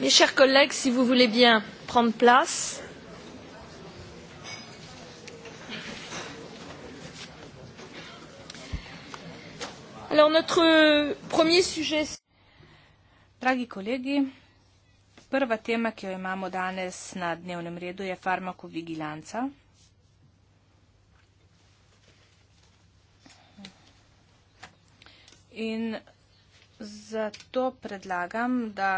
mes chers collègues si vous voulez bien prendre place alors notre premier sujet dragi kolegi prva tema ki jo imamo danes na dnevnem redu je farmakovigilanca in zato predlagam da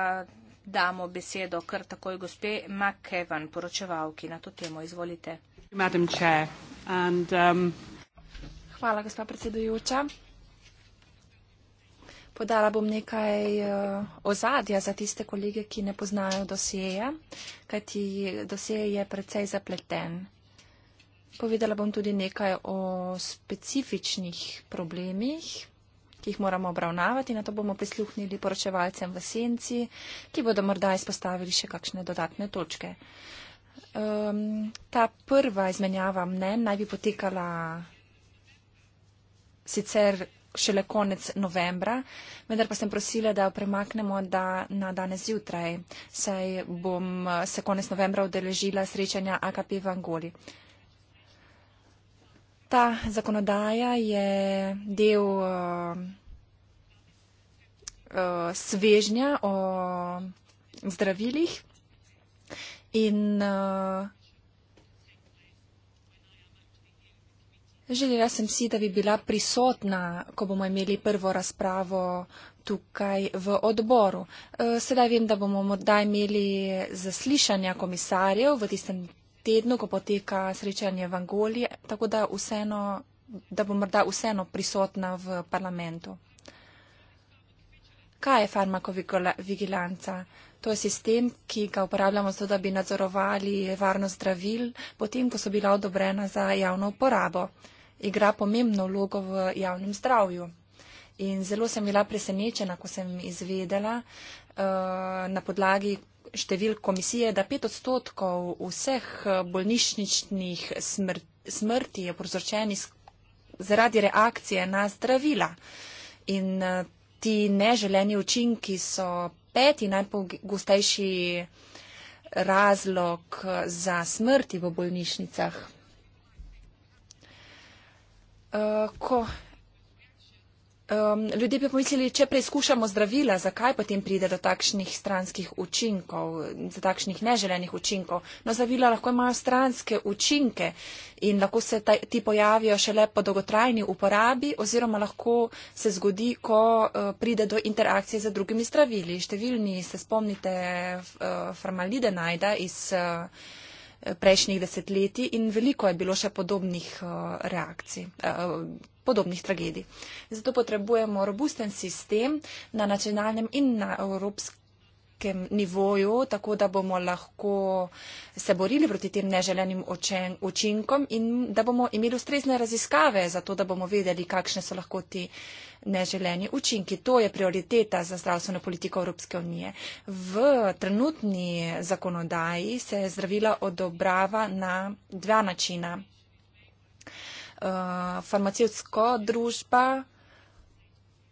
damo besedo kar takoj gospe McEwan, poročevalki na to temo. Izvolite. Um, Hvala, gospa predsedujoča. Podala bom nekaj uh, ozadja za tiste kolege, ki ne poznajo dosjeja, kajti dosjej je precej zapleten. Povedala bom tudi nekaj o specifičnih problemih, ki jih moramo obravnavati. Na to bomo prisluhnili poročevalcem v senci, ki bodo morda izpostavili še kakšne dodatne točke. Um, ta prva izmenjava mnen naj bi potekala sicer šele konec novembra, vendar pa sem prosila, da jo premaknemo da na danes zjutraj, saj bom se konec novembra odeležila srečanja AKP v Angoli ta zakonodaja je del uh, uh, svežnja o zdravilih in uh, želela sem si, da bi bila prisotna, ko bomo imeli prvo razpravo tukaj v odboru. Sedaj vem, da bomo morda imeli zaslišanja komisarjev v tistem tednu, ko poteka srečanje v Angoliji, tako da, vseeno, da bo morda vseeno prisotna v parlamentu. Kaj je farmakovigilanca? To je sistem, ki ga uporabljamo zato, da bi nadzorovali varnost zdravil, potem, ko so bila odobrena za javno uporabo. Igra pomembno vlogo v javnem zdravju. In zelo sem bila presenečena, ko sem izvedela uh, na podlagi številk komisije, da pet odstotkov vseh eh, bolnišničnih smr smrti je povzročeni zaradi reakcije na zdravila. In eh, ti neželeni učinki so peti najpogostejši razlog eh, za smrti v bolnišnicah. Uh, ko um, ljudje bi pomislili, če preizkušamo zdravila, zakaj potem pride do takšnih stranskih učinkov, do takšnih neželenih učinkov. No, zdravila lahko imajo stranske učinke in lahko se taj, ti pojavijo šele po dolgotrajni uporabi oziroma lahko se zgodi, ko uh, pride do interakcije z drugimi zdravili. Številni se spomnite uh, formalide najda iz. Uh, prejšnjih desetletij in veliko je bilo še podobnih uh, reakcij. Uh, podobnih tragedij. Zato potrebujemo robusten sistem na nacionalnem in na evropskem nivoju, tako da bomo lahko se borili proti tem neželenim očen, učinkom in da bomo imeli ustrezne raziskave, zato da bomo vedeli, kakšne so lahko ti neželeni učinki. To je prioriteta za zdravstveno politiko Evropske unije. V trenutni zakonodaji se zdravila odobrava na dva načina uh, eh, farmacijsko družba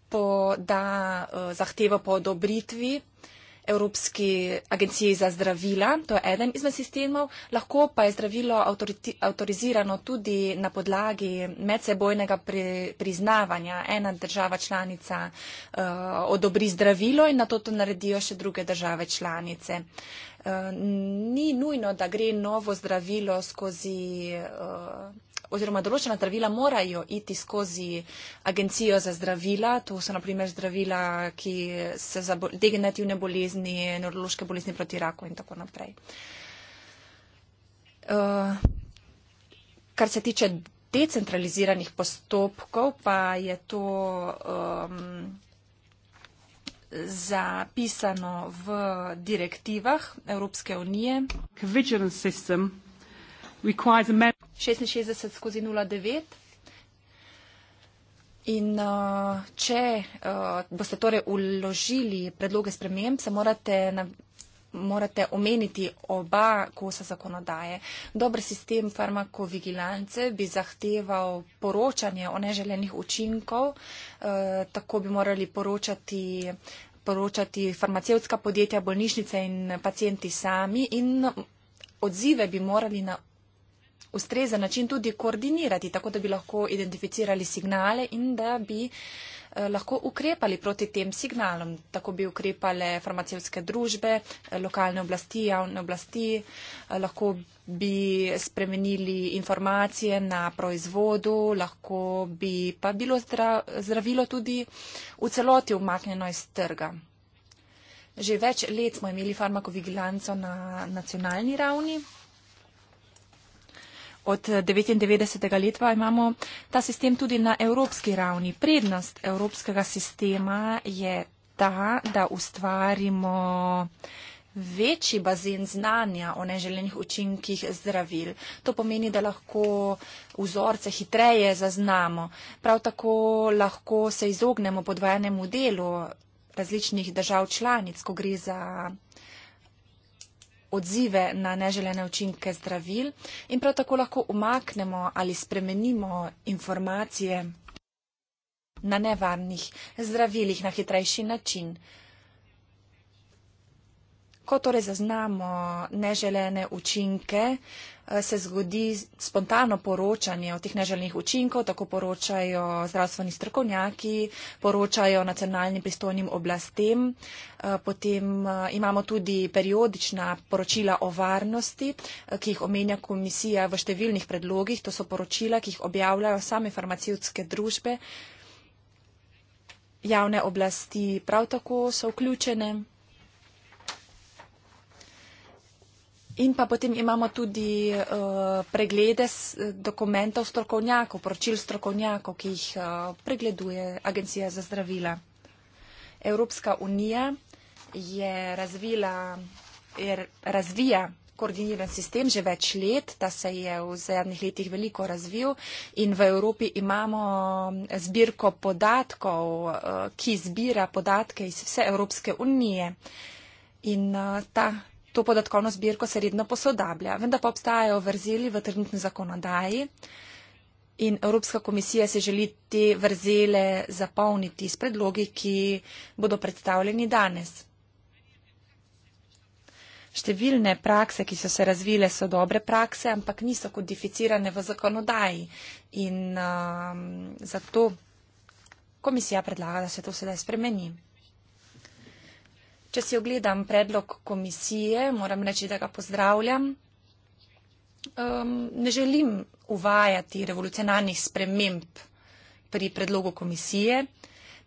poda uh, zahtevo po odobritvi Evropski agenciji za zdravila, to je eden izmed sistemov, lahko pa je zdravilo avtorizirano tudi na podlagi medsebojnega pri, priznavanja. Ena država članica uh, odobri zdravilo in na to to naredijo še druge države članice. Uh, ni nujno, da gre novo zdravilo skozi. Uh, oziroma določena zdravila morajo iti skozi agencijo za zdravila. To so naprimer zdravila, ki se za degenerativne bolezni, neurološke bolezni proti raku in tako naprej. Uh, kar se tiče decentraliziranih postopkov, pa je to um, zapisano v direktivah Evropske unije. 66 skozi 09. In uh, če uh, boste torej uložili predloge sprememb, se morate, na, morate omeniti oba kosa zakonodaje. Dober sistem farmakovigilance bi zahteval poročanje o neželenih učinkov, uh, tako bi morali poročati, poročati farmacevtska podjetja, bolnišnice in pacijenti sami. In, Odzive bi morali na ustrezen način tudi koordinirati, tako da bi lahko identificirali signale in da bi eh, lahko ukrepali proti tem signalom. Tako bi ukrepale farmacevske družbe, eh, lokalne oblasti, javne oblasti, eh, lahko bi spremenili informacije na proizvodu, lahko bi pa bilo zdravilo tudi v celoti umaknjeno iz trga. Že več let smo imeli farmakovigilanco na nacionalni ravni od 99. leta imamo ta sistem tudi na evropski ravni. Prednost evropskega sistema je ta, da ustvarimo večji bazen znanja o neželenih učinkih zdravil. To pomeni, da lahko vzorce hitreje zaznamo. Prav tako lahko se izognemo podvajanemu delu različnih držav članic, ko gre za odzive na neželene učinke zdravil in prav tako lahko umaknemo ali spremenimo informacije na nevarnih zdravilih na hitrejši način. Ko torej zaznamo neželene učinke, eh, se zgodi spontano poročanje o teh neželenih učinkov, tako poročajo zdravstveni strokovnjaki, poročajo nacionalnim pristojnim oblastem, eh, potem eh, imamo tudi periodična poročila o varnosti, ki jih omenja komisija v številnih predlogih, to so poročila, ki jih objavljajo same farmacijske družbe, javne oblasti prav tako so vključene. In pa potem imamo tudi uh, preglede dokumentov strokovnjakov, poročil strokovnjakov, ki jih uh, pregleduje Agencija za zdravila. Evropska unija je razvila, je razvija koordiniran sistem že več let, ta se je v zadnjih letih veliko razvil in v Evropi imamo eh, zbirko podatkov, uh, ki zbira podatke iz vse Evropske unije. In uh, ta to podatkovno zbirko se redno posodablja, vendar pa obstajajo vrzeli v trenutni zakonodaji in Evropska komisija se želi te vrzele zapolniti s predlogi, ki bodo predstavljeni danes. Številne prakse, ki so se razvile, so dobre prakse, ampak niso kodificirane v zakonodaji in um, zato komisija predlaga, da se to sedaj spremeni. Če si ogledam predlog komisije, moram reči, da ga pozdravljam. Um, ne želim uvajati revolucionarnih sprememb pri predlogu komisije.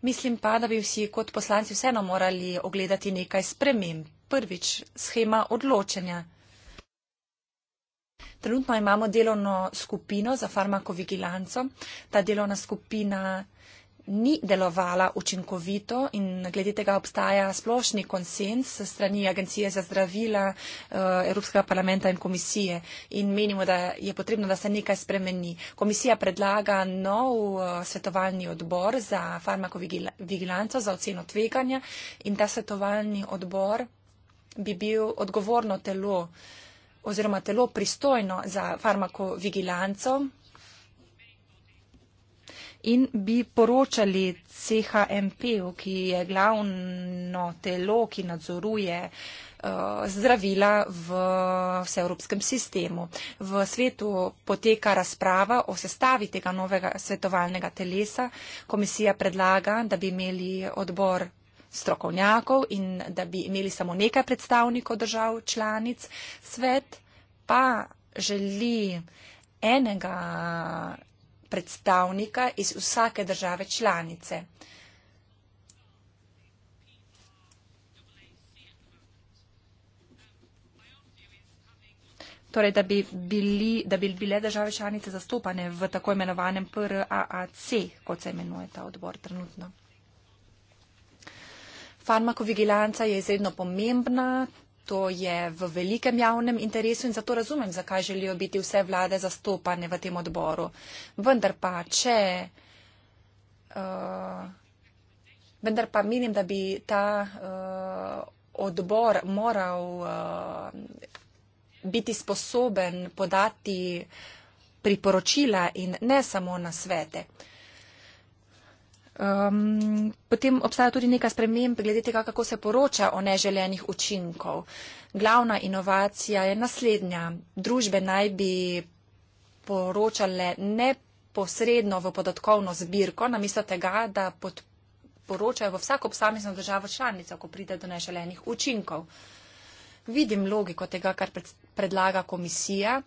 Mislim pa, da bi vsi kot poslanci vseeno morali ogledati nekaj sprememb. Prvič, schema odločanja. Trenutno imamo delovno skupino za farmakovigilanco. Ta delovna skupina ni delovala učinkovito in glede tega obstaja splošni konsens strani Agencije za zdravila, eh, Evropskega parlamenta in komisije in menimo, da je potrebno, da se nekaj spremeni. Komisija predlaga nov eh, svetovalni odbor za farmakovigilanco za oceno tveganja in ta svetovalni odbor bi bil odgovorno telo oziroma telo pristojno za farmakovigilanco in bi poročali CHMP-u, ki je glavno telo, ki nadzoruje eh, zdravila v vseevropskem sistemu. V svetu poteka razprava o sestavi tega novega svetovalnega telesa. Komisija predlaga, da bi imeli odbor strokovnjakov in da bi imeli samo nekaj predstavnikov držav članic. Svet pa želi enega predstavnika iz vsake države članice. Torej, da bi, bili, da bi bile države članice zastopane v tako imenovanem PRAAC, kot se imenuje ta odbor trenutno. Farmakovigilanca je izredno pomembna, To je v velikem javnem interesu in zato razumem, zakaj želijo biti vse vlade zastopane v tem odboru. Vendar pa, če. Uh, vendar pa menim, da bi ta uh, odbor moral uh, biti sposoben podati priporočila in ne samo na svete. Um, potem obstaja tudi neka sprememb glede tega, kako se poroča o neželenih učinkov. Glavna inovacija je naslednja. Družbe naj bi poročale neposredno v podatkovno zbirko, namesto tega, da poročajo v vsako posamezno državo članico, ko pride do neželenih učinkov. Vidim logiko tega, kar predlaga komisija.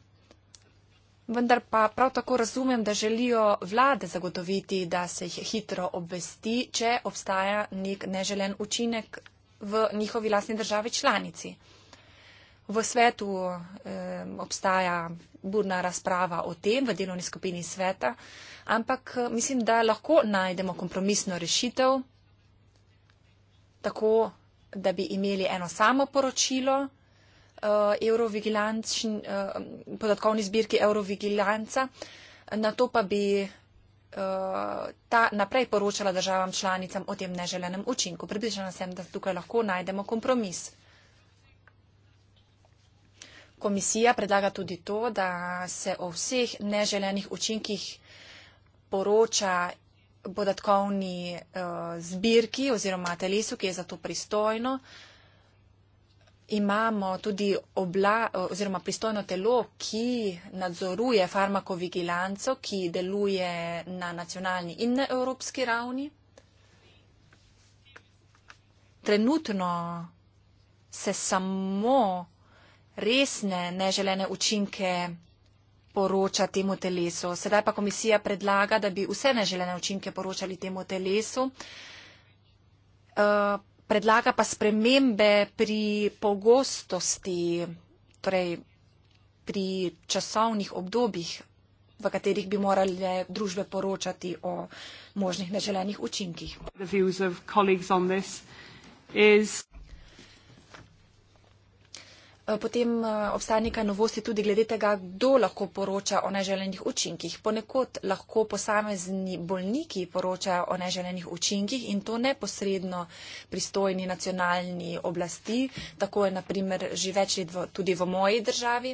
Vendar pa prav tako razumem, da želijo vlade zagotoviti, da se jih hitro obvesti, če obstaja nek neželen učinek v njihovi lastni državi članici. V svetu eh, obstaja burna razprava o tem v delovni skupini sveta, ampak eh, mislim, da lahko najdemo kompromisno rešitev, tako da bi imeli eno samo poročilo uh, uh, podatkovni zbirki Eurovigilanca, na to pa bi uh, ta naprej poročala državam članicam o tem neželenem učinku. Približena sem, da tukaj lahko najdemo kompromis. Komisija predlaga tudi to, da se o vseh neželenih učinkih poroča podatkovni uh, zbirki oziroma telesu, ki je za to pristojno. Uh, imamo tudi obla, oziroma pristojno telo, ki nadzoruje farmakovigilanco, ki deluje na nacionalni in na evropski ravni. Trenutno se samo resne neželene učinke poroča temu telesu. Sedaj pa komisija predlaga, da bi vse neželene učinke poročali temu telesu. Uh, predlaga pa spremembe pri pogostosti, torej pri časovnih obdobjih, v katerih bi morale družbe poročati o možnih neželenih učinkih. Eh, potem eh, obstaja neka novosti tudi glede tega, kdo lahko poroča o neželenih učinkih. Ponekod lahko posamezni bolniki poročajo o neželenih učinkih in to neposredno pristojni nacionalni oblasti, tako je naprimer že več let v, tudi v moji državi.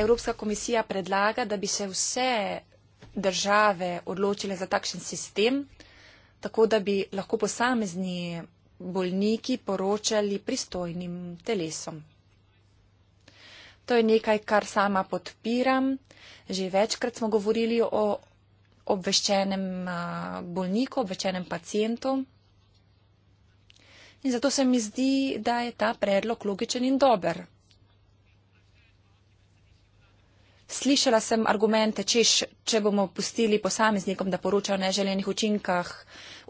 Evropska komisija predlaga, da bi se vse države odločile za takšen sistem, tako da bi lahko posamezni bolniki poročali pristojnim telesom. To je nekaj, kar sama podpiram. Že večkrat smo govorili o obveščenem bolniku, obveščenem pacijentu. In zato se mi zdi, da je ta predlog logičen in dober. Slišala sem argumente, če, če bomo pustili posameznikom, da poročajo o neželenih učinkah,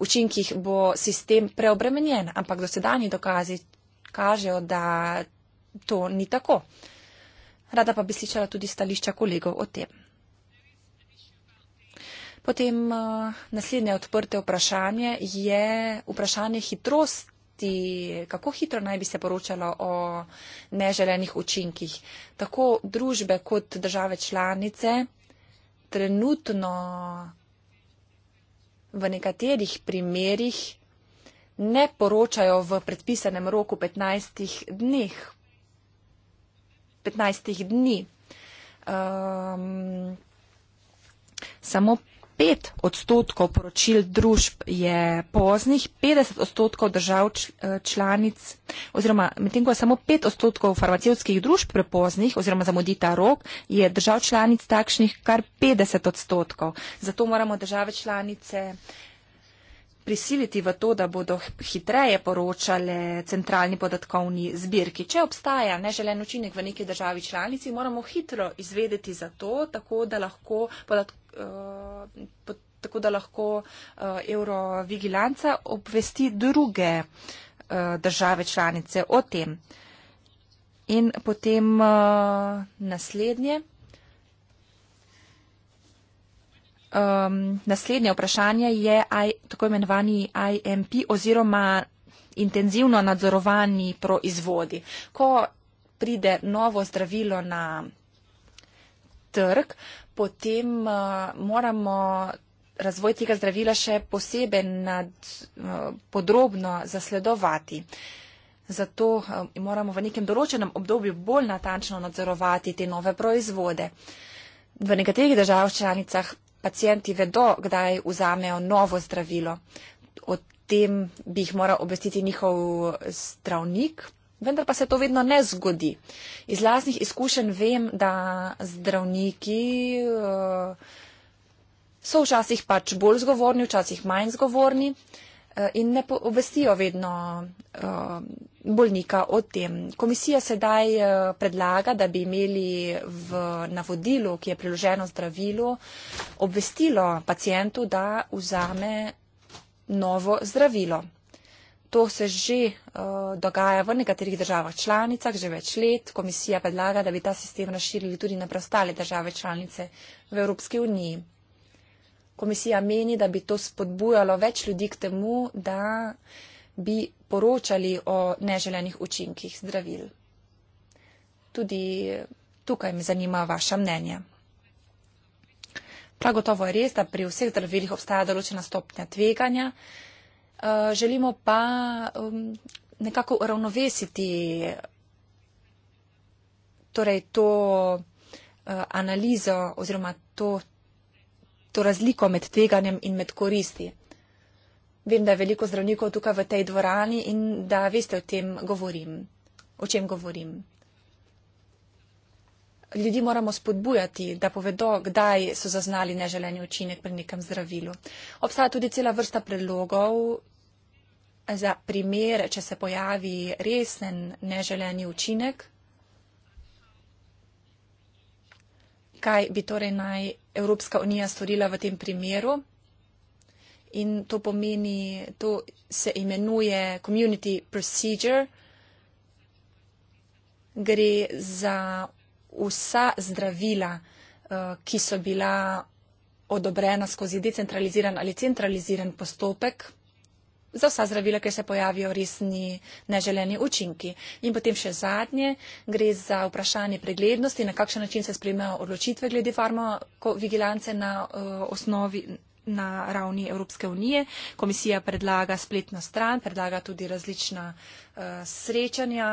učinkih, bo sistem preobremenjen, ampak dosedanji dokazi kažejo, da to ni tako. Rada pa bi slišala tudi stališča kolegov o tem. Potem eh, naslednje odprte vprašanje je vprašanje hitrosti vedeti, kako hitro naj bi se poročalo o neželenih učinkih. Tako družbe kot države članice trenutno v nekaterih primerjih ne poročajo v predpisanem roku 15 dneh. 15 dni. Um, samo pet odstotkov poročil družb je poznih, petdeset odstotkov držav eh, članic oziroma medtem ko je samo pet odstotkov farmacevtskih družb prepoznih oziroma zamudita rok, je držav članic takšnih kar petdeset odstotkov. Zato moramo države članice prisiliti v to, da bodo hitreje poročale centralni podatkovni zbirki. Če obstaja neželen učinek v neki državi članici, moramo hitro izvedeti za to, tako da lahko podatkovni Eh, tako da lahko eh, eurovigilanca obvesti druge eh, države članice o tem. In potem naslednje. Um, naslednje vprašanje je I, tako imenovani IMP oziroma intenzivno nadzorovani proizvodi. Ko pride novo zdravilo na trg, potem uh, moramo razvoj tega zdravila še posebej nad, uh, podrobno zasledovati. Zato uh, moramo v nekem določenem obdobju bolj natančno nadzorovati te nove proizvode. V nekaterih državah članicah pacijenti vedo, kdaj vzamejo novo zdravilo. O tem bi jih moral obvestiti njihov zdravnik, Vendar pa se to vedno ne zgodi. Iz lasnih izkušenj vem, da zdravniki eh, so včasih pač bolj zgovorni, včasih manj zgovorni eh, in ne obvestijo vedno eh, bolnika o tem. Komisija sedaj predlaga, da bi imeli v navodilu, ki je priloženo zdravilu, obvestilo pacijentu, da vzame novo zdravilo. To se že uh, dogaja v nekaterih državah članicah, že več let. Komisija predlaga, da bi ta sistem razširili tudi na preostale države članice v Evropski uniji. Komisija meni, da bi to spodbujalo več ljudi k temu, da bi poročali o neželenih učinkih zdravil. Tudi tukaj me zanima vaša mnenja. Prav gotovo je res, da pri vseh zdravilih obstaja določena stopnja tveganja. Uh, Eh, želimo pa um, nekako uravnovesiti torej to uh, analizo oziroma to, to razliko med tveganjem in med koristi. Vem, da je veliko zdravnikov tukaj v tej dvorani in da veste o tem govorim, o čem govorim. Ljudi moramo spodbujati, da povedo, kdaj so zaznali neželeni učinek pri nekem zdravilu. Obstaja tudi cela vrsta predlogov, za primer, če se pojavi resen neželeni učinek? Kaj bi torej naj Evropska unija storila v tem primeru? In to pomeni, to se imenuje community procedure. Gre za vsa zdravila, eh, ki so bila odobrena skozi decentraliziran ali centraliziran postopek za vsa zdravila, ker se pojavijo resni neželeni učinki. In potem še zadnje, gre za vprašanje preglednosti, na kakšen način se spremejo odločitve glede farmakovigilance na uh, osnovi na ravni Evropske unije. Komisija predlaga spletno stran, predlaga tudi različna uh, srečanja,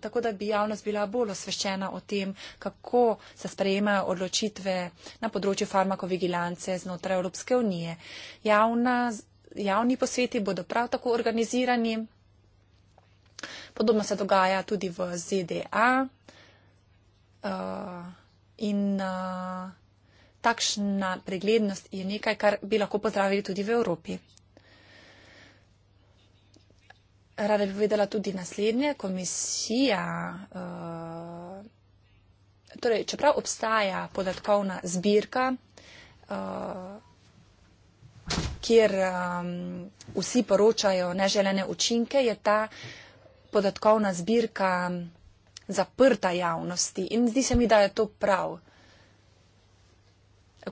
tako da bi javnost bila bolj osveščena o tem, kako se sprejemajo odločitve na področju farmakovigilance znotraj Evropske unije. Javna javni posveti bodo prav tako organizirani. Podobno se dogaja tudi v ZDA. Uh, eh, in uh, takšna preglednost je nekaj, kar bi lahko pozdravili tudi v Evropi. Rada bi povedala tudi naslednje. Komisija, uh, torej, čeprav obstaja podatkovna zbirka, uh, kjer um, vsi poročajo neželene učinke, je ta podatkovna zbirka um, zaprta javnosti in zdi se mi, da je to prav.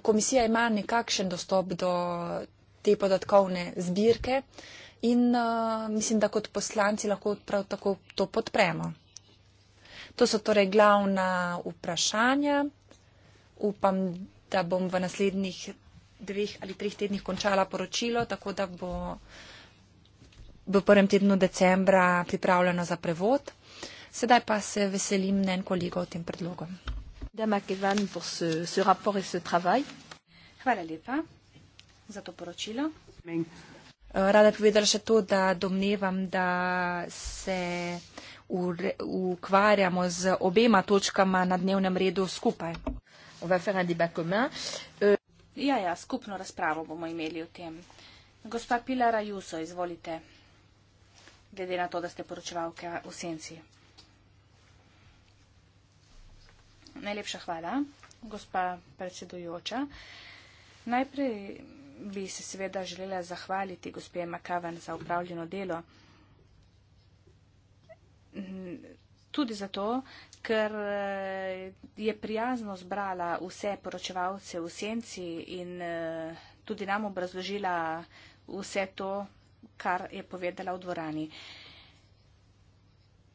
Komisija ima nekakšen dostop do te podatkovne zbirke in uh, mislim, da kot poslanci lahko prav tako to podpremo. To so torej glavna vprašanja. Upam, da bom v naslednjih dveh ali treh tednih končala poročilo, tako da bo v prvem tednu decembra pripravljeno za prevod. Sedaj pa se veselim mnen kolegov tem predlogom. Hvala lepa za to poročilo. Eh, rada bi povedala še to, da domnevam, da se ukvarjamo z obema točkama na dnevnem redu skupaj. On va faire un débat commun. Euh... Ja, ja, skupno razpravo bomo imeli o tem. Gospa Pilara Juso, izvolite. Glede na to, da ste poročevalke v senci. Najlepša hvala, gospa predsedujoča. Najprej bi se seveda želela zahvaliti gospe Makaven za upravljeno delo. Tudi zato, ker eh, je prijazno zbrala vse poročevalce v senci in eh, tudi nam obrazložila vse to, kar je povedala v dvorani.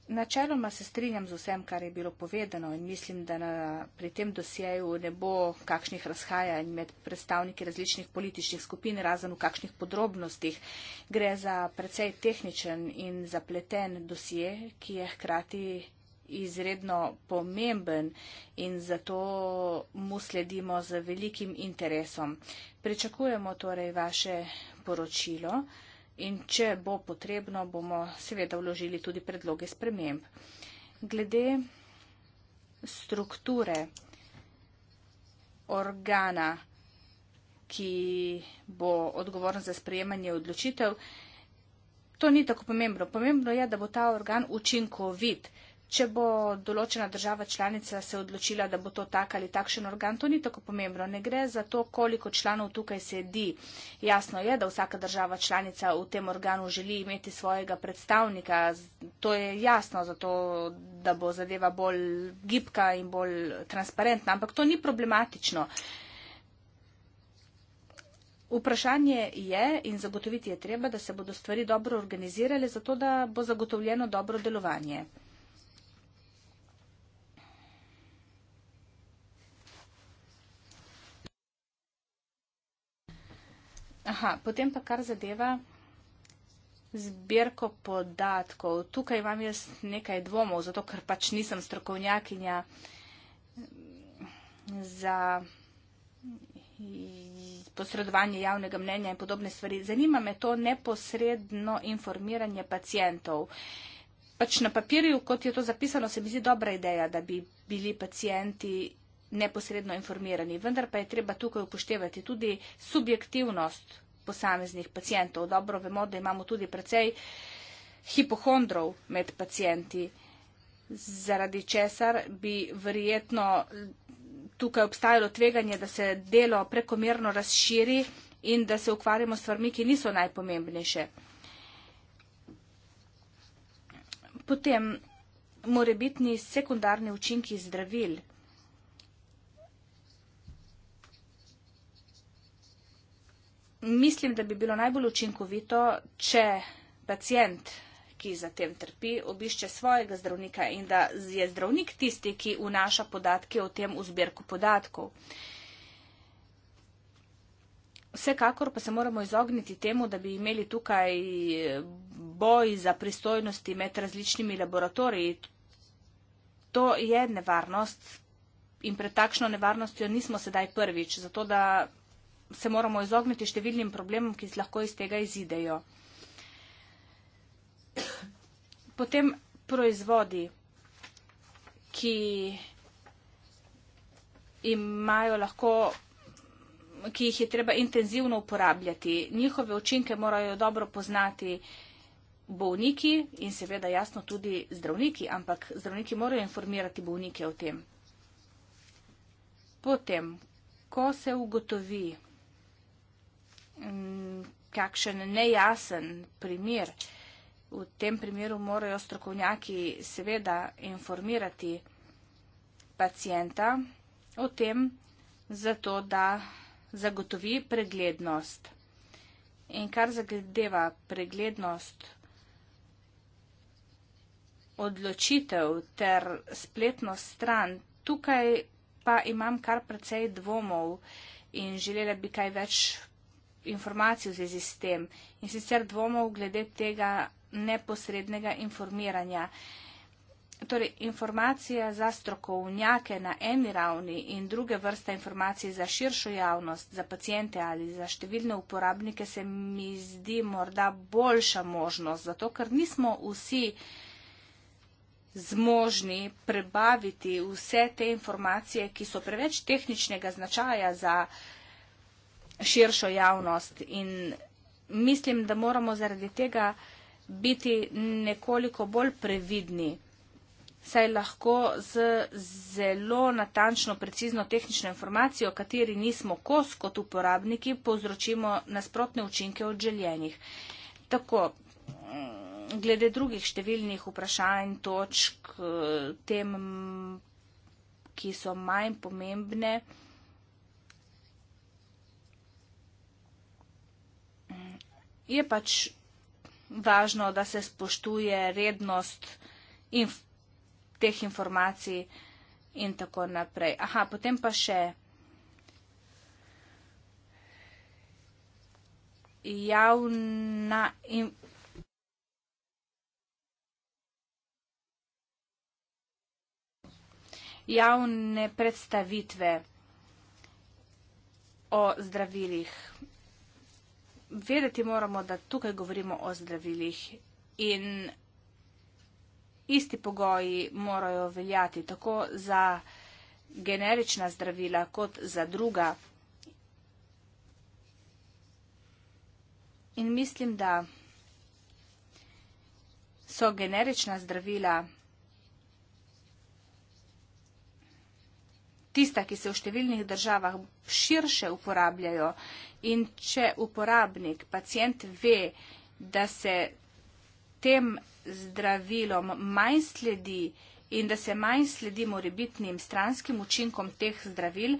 Načeloma se strinjam z vsem, kar je bilo povedano in mislim, da na, pri tem dosjeju ne bo kakšnih razhajanj med predstavniki različnih političnih skupin, razen v kakšnih podrobnostih. Gre za precej tehničen in zapleten dosje, ki je hkrati izredno pomemben in zato mu sledimo z velikim interesom. Pričakujemo torej vaše poročilo in če bo potrebno, bomo seveda vložili tudi predloge sprememb. Glede strukture organa, ki bo odgovoren za sprejemanje odločitev, to ni tako pomembno. Pomembno je, da bo ta organ učinkovit. Če bo določena država članica se odločila, da bo to tak ali takšen organ, to ni tako pomembno. Ne gre za to, koliko članov tukaj sedi. Jasno je, da vsaka država članica v tem organu želi imeti svojega predstavnika. To je jasno, zato da bo zadeva bolj gibka in bolj transparentna, ampak to ni problematično. Vprašanje je in zagotoviti je treba, da se bodo stvari dobro organizirale, zato da bo zagotovljeno dobro delovanje. Aha, potem pa kar zadeva zbirko podatkov. Tukaj imam jaz nekaj dvomov, zato ker pač nisem strokovnjakinja za posredovanje javnega mnenja in podobne stvari. Zanima me to neposredno informiranje pacijentov. Pač na papirju, kot je to zapisano, se mi zdi dobra ideja, da bi bili pacijenti neposredno informirani. Vendar pa je treba tukaj upoštevati tudi subjektivnost posameznih pacijentov. Dobro vemo, da imamo tudi precej hipohondrov med pacijenti, zaradi česar bi verjetno tukaj obstajalo tveganje, da se delo prekomerno razširi in da se ukvarjamo s stvarmi, ki niso najpomembnejše. Potem morebitni sekundarni učinki zdravil mislim, da bi bilo najbolj učinkovito, če pacijent, ki za tem trpi, obišče svojega zdravnika in da je zdravnik tisti, ki vnaša podatke o tem v zbirko podatkov. Vsekakor pa se moramo izogniti temu, da bi imeli tukaj eh, boj za pristojnosti med različnimi laboratoriji. To je nevarnost in pred takšno nevarnostjo nismo sedaj prvič, zato da se moramo izogniti številnim problemom, ki lahko iz tega izidejo. Potem proizvodi, ki imajo lahko ki jih je treba intenzivno uporabljati. Njihove učinke morajo dobro poznati bolniki in seveda jasno tudi zdravniki, ampak zdravniki morajo informirati bolnike o tem. Potem, ko se ugotovi, Mm, kakšen nejasen primer. V tem primeru morajo strokovnjaki seveda informirati pacijenta o tem, zato da zagotovi preglednost. In kar zagledeva preglednost odločitev ter spletno stran, tukaj pa imam kar precej dvomov in želela bi kaj več informacij v zvezi s tem in sicer dvomov glede tega neposrednega informiranja. Torej, informacija za strokovnjake na eni ravni in druge vrste informacij za širšo javnost, za pacijente ali za številne uporabnike se mi zdi morda boljša možnost, zato ker nismo vsi zmožni prebaviti vse te informacije, ki so preveč tehničnega značaja za širšo javnost. In mislim, da moramo zaradi tega biti nekoliko bolj previdni, saj lahko z zelo natančno, precizno tehnično informacijo, kateri nismo kos kot uporabniki, povzročimo nasprotne učinke od željenih. Tako, glede drugih številnih vprašanj, točk, tem, ki so manj pomembne, je pač važno, da se spoštuje rednost inf teh informacij in tako naprej. Aha, potem pa še. Javna in. Javne predstavitve o zdravilih vedeti moramo, da tukaj govorimo o zdravilih in isti pogoji morajo veljati tako za generična zdravila kot za druga. In mislim, da so generična zdravila tista, ki se v številnih državah širše uporabljajo. In če uporabnik, pacijent ve, da se tem zdravilom manj sledi in da se manj sledi morebitnim stranskim učinkom teh zdravil,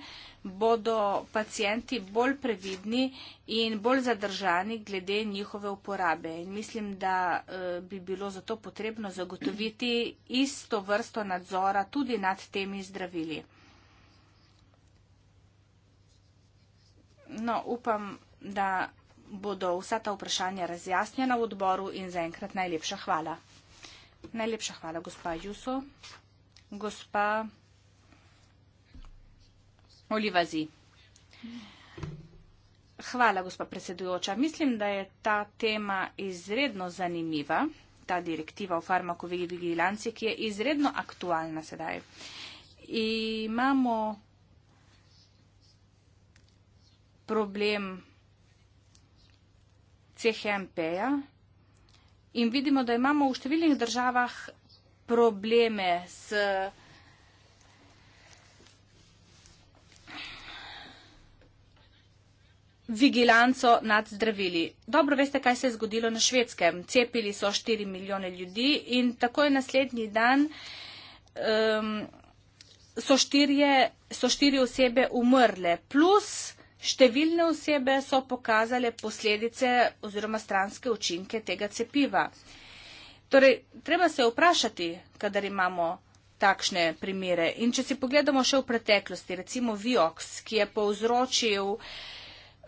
bodo pacijenti bolj previdni in bolj zadržani glede njihove uporabe. In mislim, da eh, bi bilo zato potrebno zagotoviti isto vrsto nadzora tudi nad temi zdravili. no, upam, da bodo vsa ta vprašanja razjasnjena v odboru in zaenkrat najlepša hvala. Najlepša hvala, gospa Juso. Gospa Olivazi. Hvala, gospa predsedujoča. Mislim, da je ta tema izredno zanimiva, ta direktiva o farmakovigilanci, ki je izredno aktualna sedaj. Imamo problem CHMP-ja in vidimo, da imamo v številnih državah probleme s vigilanco nad zdravili. Dobro veste, kaj se je zgodilo na švedskem. Cepili so 4 milijone ljudi in tako je naslednji dan um, so, štirje, so štiri osebe umrle. Plus Številne osebe so pokazale posledice oziroma stranske učinke tega cepiva. Torej, treba se vprašati, kadar imamo takšne primere. In če si pogledamo še v preteklosti, recimo Vioks, ki je povzročil uh,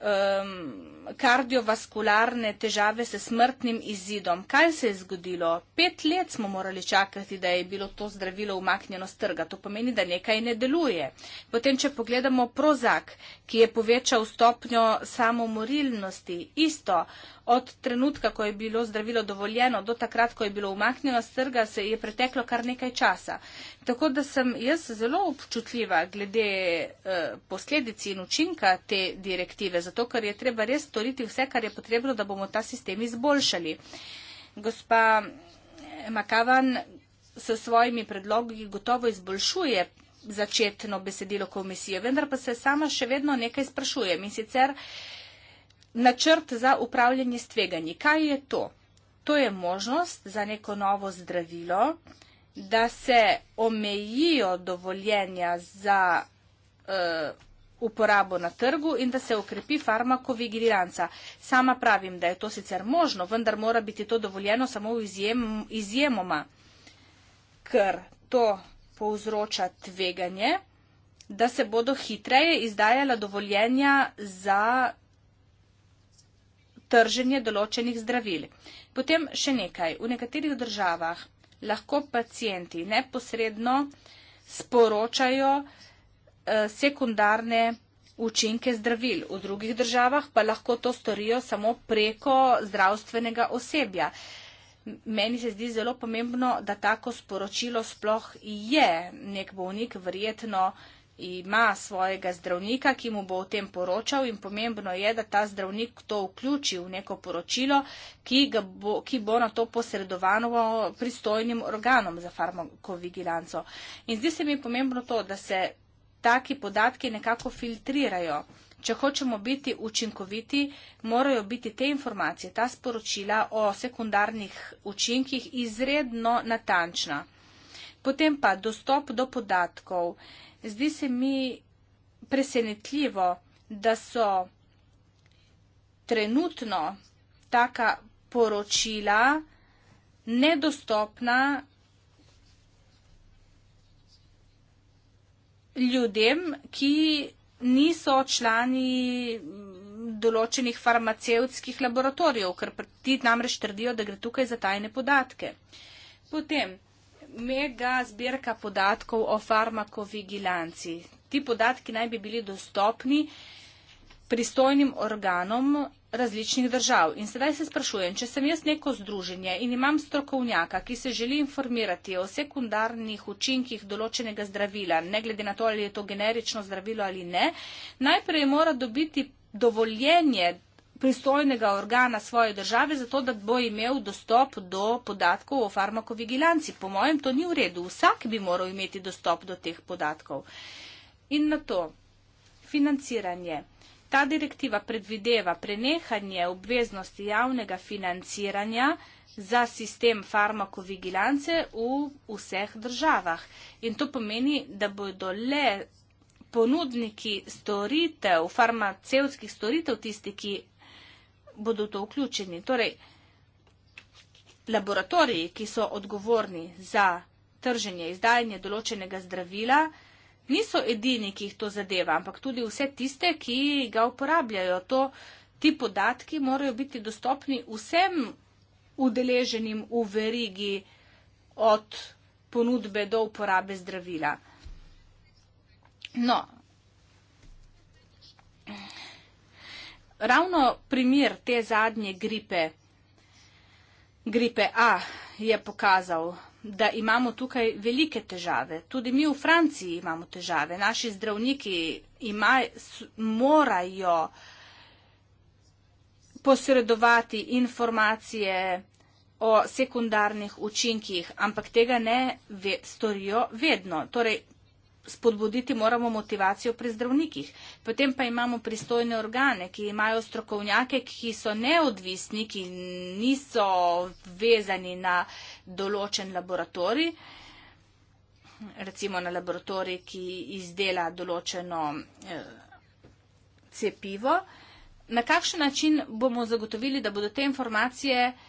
um, kardiovaskularne težave s smrtnim izidom. Kaj se je zgodilo? Pet let smo morali čakati, da je bilo to zdravilo umaknjeno z trga. To pomeni, da nekaj ne deluje. Potem, če pogledamo Prozak, ki je povečal stopnjo samomorilnosti, isto. Od trenutka, ko je bilo zdravilo dovoljeno, do takrat, ko je bilo umaknjeno z trga, se je preteklo kar nekaj časa. Tako da sem jaz zelo občutljiva glede eh, posledici in učinka te direktive zato ker je treba res storiti vse, kar je potrebno, da bomo ta sistem izboljšali. Gospa Makavan s svojimi predlogi gotovo izboljšuje začetno besedilo komisije, vendar pa se sama še vedno nekaj sprašuje. In sicer načrt za upravljanje stveganji. Kaj je to? To je možnost za neko novo zdravilo, da se omejijo dovoljenja za. Uh, uporabo na trgu in da se ukrepi farmakovigilanca. Sama pravim, da je to sicer možno, vendar mora biti to dovoljeno samo v izjem, izjemoma, ker to povzroča tveganje, da se bodo hitreje izdajala dovoljenja za trženje določenih zdravil. Potem še nekaj. V nekaterih državah lahko pacijenti neposredno sporočajo, Eh, sekundarne učinke zdravil. V drugih državah pa lahko to storijo samo preko zdravstvenega osebja. Meni se zdi zelo pomembno, da tako sporočilo sploh je. Nek bolnik verjetno ima svojega zdravnika, ki mu bo o tem poročal in pomembno je, da ta zdravnik to vključi v neko poročilo, ki, bo, ki bo na to posredovano pristojnim organom za farmakovigilanco. In zdi se mi pomembno to, da se taki podatki nekako filtrirajo. Če hočemo biti učinkoviti, morajo biti te informacije, ta sporočila o sekundarnih učinkih izredno natančna. Potem pa dostop do podatkov. Zdi se mi presenetljivo, da so trenutno taka poročila nedostopna ljudem, ki niso člani določenih farmacevtskih laboratorijev, ker ti namreč trdijo, da gre tukaj za tajne podatke. Potem, mega zbirka podatkov o farmakovigilanci. Ti podatki naj bi bili dostopni pristojnim organom različnih držav. In sedaj se sprašujem, če sem jaz neko združenje in imam strokovnjaka, ki se želi informirati o sekundarnih učinkih določenega zdravila, ne glede na to, ali je to generično zdravilo ali ne, najprej mora dobiti dovoljenje pristojnega organa svoje države, zato da bo imel dostop do podatkov o farmakovigilanci. Po mojem, to ni v redu. Vsak bi moral imeti dostop do teh podatkov. In na to financiranje. Ta direktiva predvideva prenehanje obveznosti javnega financiranja za sistem farmakovigilance v vseh državah. In to pomeni, da bodo le ponudniki storitev, farmacevskih storitev, tisti, ki bodo to vključeni. Torej, laboratoriji, ki so odgovorni za trženje, izdajanje določenega zdravila, niso edini, ki jih to zadeva, ampak tudi vse tiste, ki ga uporabljajo. To, ti podatki morajo biti dostopni vsem udeleženim v verigi od ponudbe do uporabe zdravila. No. Ravno primer te zadnje gripe, gripe A, je pokazal, da imamo tukaj velike težave. Tudi mi v Franciji imamo težave. Naši zdravniki ima, morajo posredovati informacije o sekundarnih učinkih, ampak tega ne ve, storijo vedno. Torej, spodbuditi moramo motivacijo pri zdravnikih. Potem pa imamo pristojne organe, ki imajo strokovnjake, ki so neodvisni, ki niso vezani na določen laboratorij, recimo na laboratorij, ki izdela določeno eh, cepivo. Na kakšen način bomo zagotovili, da bodo te informacije eh,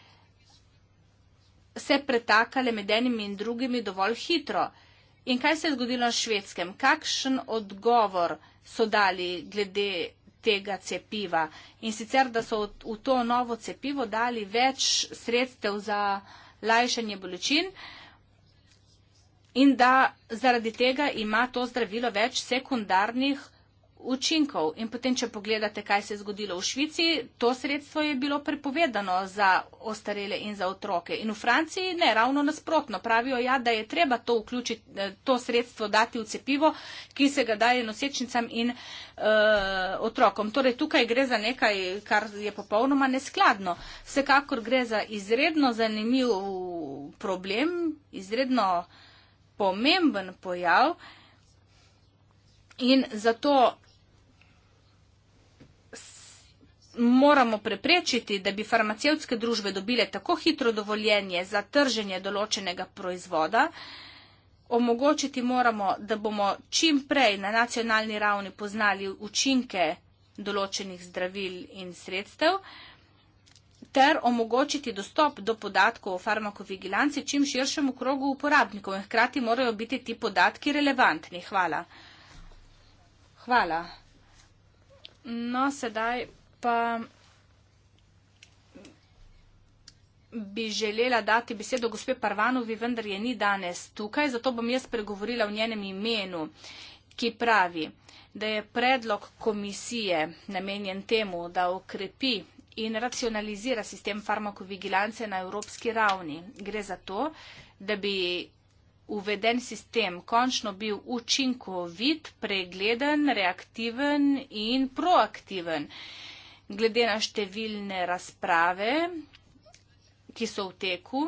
se pretakale med enimi in drugimi dovolj hitro? In kaj se je zgodilo na švedskem? Kakšen odgovor so dali glede tega cepiva? In sicer, da so v to novo cepivo dali več sredstev za lajšanje bolečin in da zaradi tega ima to zdravilo več sekundarnih učinkov. In potem, če pogledate, kaj se je zgodilo v Švici, to sredstvo je bilo prepovedano za ostarele in za otroke. In v Franciji ne, ravno nasprotno. Pravijo, ja, da je treba to, vključiti, eh, to sredstvo dati v cepivo, ki se ga daje nosečnicam in uh, otrokom. Torej, tukaj gre za nekaj, kar je popolnoma neskladno. Vsekakor gre za izredno zanimiv problem, izredno pomemben pojav. In zato moramo preprečiti, da bi farmacevtske družbe dobile tako hitro dovoljenje za trženje določenega proizvoda, omogočiti moramo, da bomo čim prej na nacionalni ravni poznali učinke določenih zdravil in sredstev ter omogočiti dostop do podatkov o farmakovigilanci čim širšemu krogu uporabnikov. In hkrati morajo biti ti podatki relevantni. Hvala. Hvala. No, sedaj pa bi želela dati besedo gospe Parvanovi, vendar je ni danes tukaj, zato bom jaz pregovorila v njenem imenu, ki pravi, da je predlog komisije namenjen temu, da okrepi in racionalizira sistem farmakovigilance na evropski ravni. Gre za to, da bi uveden sistem končno bil učinkovit, pregleden, reaktiven in proaktiven glede na številne razprave, ki so v teku,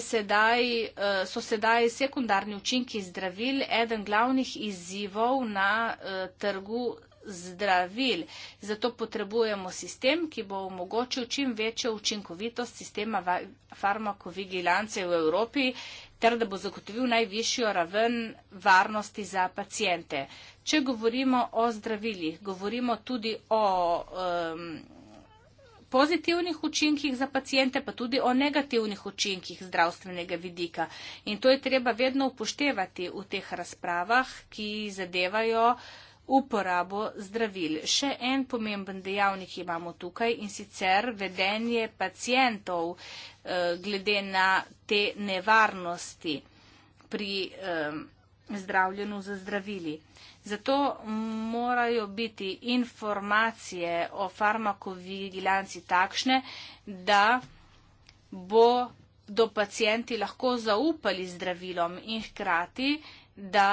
sedaj, eh, so sedaj sekundarni učinki zdravil eden glavnih izzivov na eh, trgu zdravil. Zato potrebujemo sistem, ki bo omogočil čim večjo učinkovitost sistema farmakovigilance v Evropi, ter da bo zagotovil najvišjo raven varnosti za pacijente. Če govorimo o zdravilih, govorimo tudi o um, pozitivnih učinkih za pacijente, pa tudi o negativnih učinkih zdravstvenega vidika. In to je treba vedno upoštevati v teh razpravah, ki zadevajo uh, uporabo zdravil. Še en pomemben dejavnik imamo tukaj in sicer vedenje pacijentov eh, glede na te nevarnosti pri eh, zdravljenju za zdravili. Zato morajo biti informacije o farmakovigilanci takšne, da bo do pacijenti lahko zaupali zdravilom in hkrati, da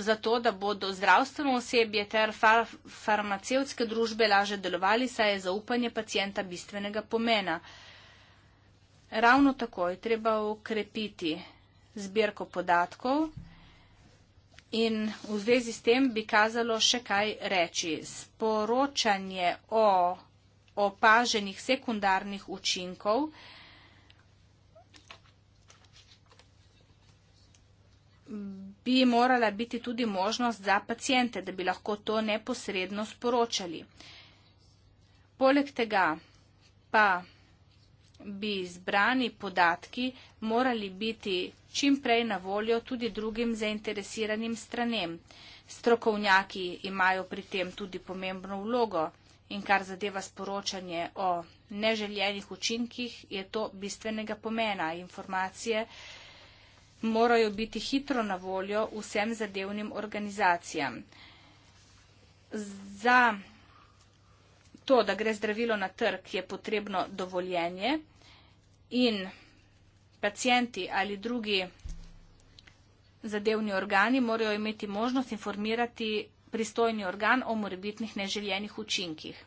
za to, da bodo zdravstveno osebje ter far farmacevtske družbe laže delovali, saj je zaupanje pacijenta bistvenega pomena. Ravno tako je treba ukrepiti zbirko podatkov in v zvezi s tem bi kazalo še kaj reči. Sporočanje o opaženih sekundarnih učinkov bi bi morala biti tudi možnost za pacijente, da bi lahko to neposredno sporočali. Poleg tega pa bi zbrani podatki morali biti čimprej na voljo tudi drugim zainteresiranim stranem. Strokovnjaki imajo pri tem tudi pomembno vlogo in kar zadeva sporočanje o neželjenih učinkih, je to bistvenega pomena informacije morajo biti hitro na voljo vsem zadevnim organizacijam. Za to, da gre zdravilo na trg, je potrebno dovoljenje in pacijenti ali drugi zadevni organi morajo imeti možnost informirati pristojni organ o morebitnih neželjenih učinkih.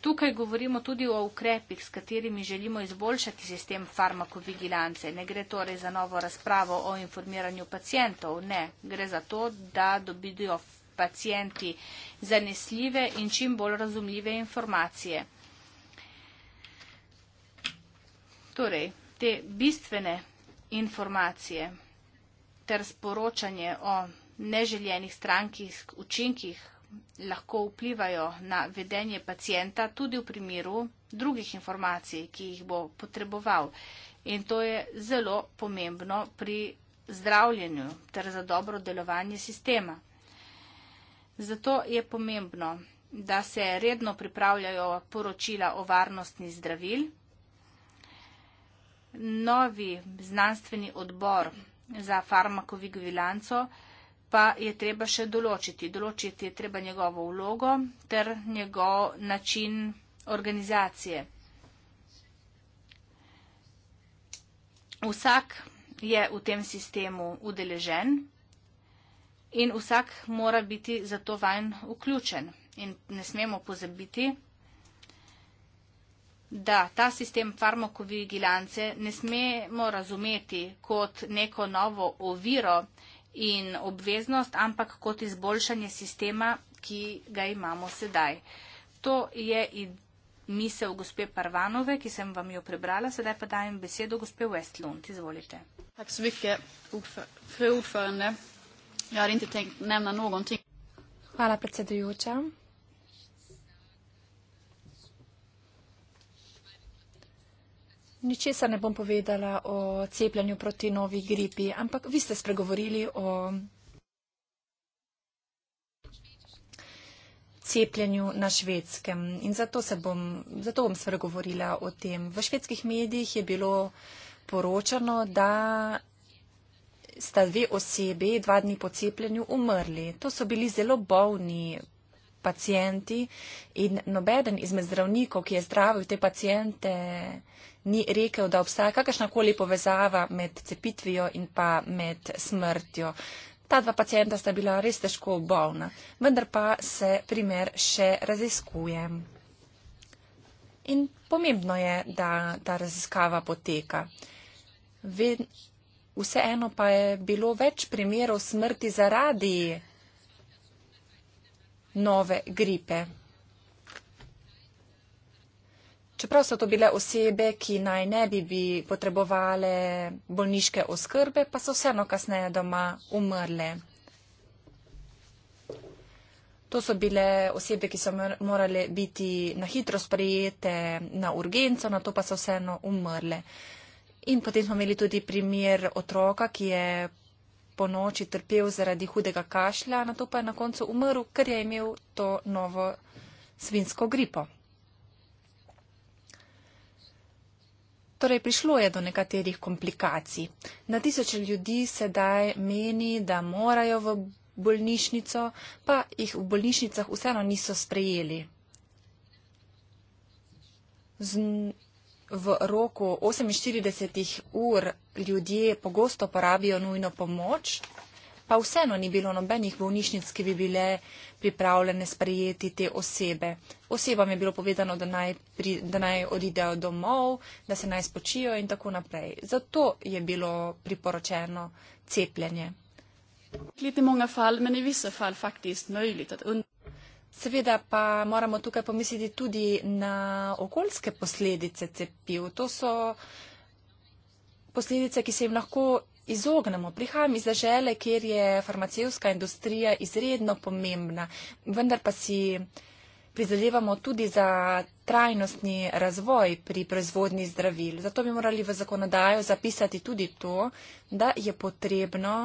Tukaj govorimo tudi o ukrepih, s katerimi želimo izboljšati sistem farmakovigilance. Ne gre torej za novo razpravo o informiranju pacijentov, ne. Gre za to, da dobijo pacijenti zanesljive in čim bolj razumljive informacije. Torej, te bistvene informacije ter sporočanje o neželjenih strankih učinkih lahko vplivajo na vedenje pacijenta tudi v primeru drugih informacij, ki jih bo potreboval. In to je zelo pomembno pri zdravljenju ter za dobro delovanje sistema. Zato je pomembno, da se redno pripravljajo poročila o varnosti zdravil. Novi znanstveni odbor za farmakovigilanco pa je treba še določiti. Določiti je treba njegovo vlogo ter njegov način organizacije. Vsak je v tem sistemu udeležen in vsak mora biti za to vanj vključen. In ne smemo pozabiti, da ta sistem farmakovigilance ne smemo razumeti kot neko novo oviro, in obveznost, ampak kot izboljšanje sistema, ki ga imamo sedaj. To je misel gospe Parvanove, ki sem vam jo prebrala, sedaj pa dajem besedo gospe Westlund. Izvolite. Hvala predsedujoča. Ničesar ne bom povedala o cepljenju proti novi gripi, ampak vi ste spregovorili o cepljenju na švedskem. In zato, bom, zato bom spregovorila o tem. V švedskih medijih je bilo poročano, da sta dve osebe dva dni po cepljenju umrli. To so bili zelo bolni pacijenti in nobeden izmed zdravnikov, ki je zdravil te pacijente, ni rekel, da obstaja kakršnakoli povezava med cepitvijo in pa med smrtjo. Ta dva pacijenta sta bila res težko bolna, vendar pa se primer še raziskuje. In pomembno je, da ta raziskava poteka. Vseeno pa je bilo več primerov smrti zaradi nove gripe. Čeprav so to bile osebe, ki naj ne bi, bi potrebovale bolniške oskrbe, pa so vseeno kasneje doma umrle. To so bile osebe, ki so morale biti na hitro sprejete na urgenco, na to pa so vseeno umrle. In potem smo imeli tudi primer otroka, ki je po noči trpel zaradi hudega kašlja, na to pa je na koncu umrl, ker je imel to novo svinsko gripo. Torej, prišlo je do nekaterih komplikacij. Na tisoče ljudi sedaj meni, da morajo v bolnišnico, pa jih v bolnišnicah vseeno niso sprejeli. Z, v roku 48 ur ljudje pogosto porabijo nujno pomoč pa vseeno ni bilo nobenih bolnišnic, ki bi bile pripravljene sprejeti te osebe. Osebam je bilo povedano, da naj, pri, da naj odidejo domov, da se naj spočijo in tako naprej. Zato je bilo priporočeno cepljenje. Seveda pa moramo tukaj pomisliti tudi na okoljske posledice cepiv. To so posledice, ki se jim lahko izognemo. Prihajam iz dežele, kjer je farmacijska industrija izredno pomembna, vendar pa si prizadevamo tudi za trajnostni razvoj pri proizvodni zdravil. Zato bi morali v zakonodajo zapisati tudi to, da je potrebno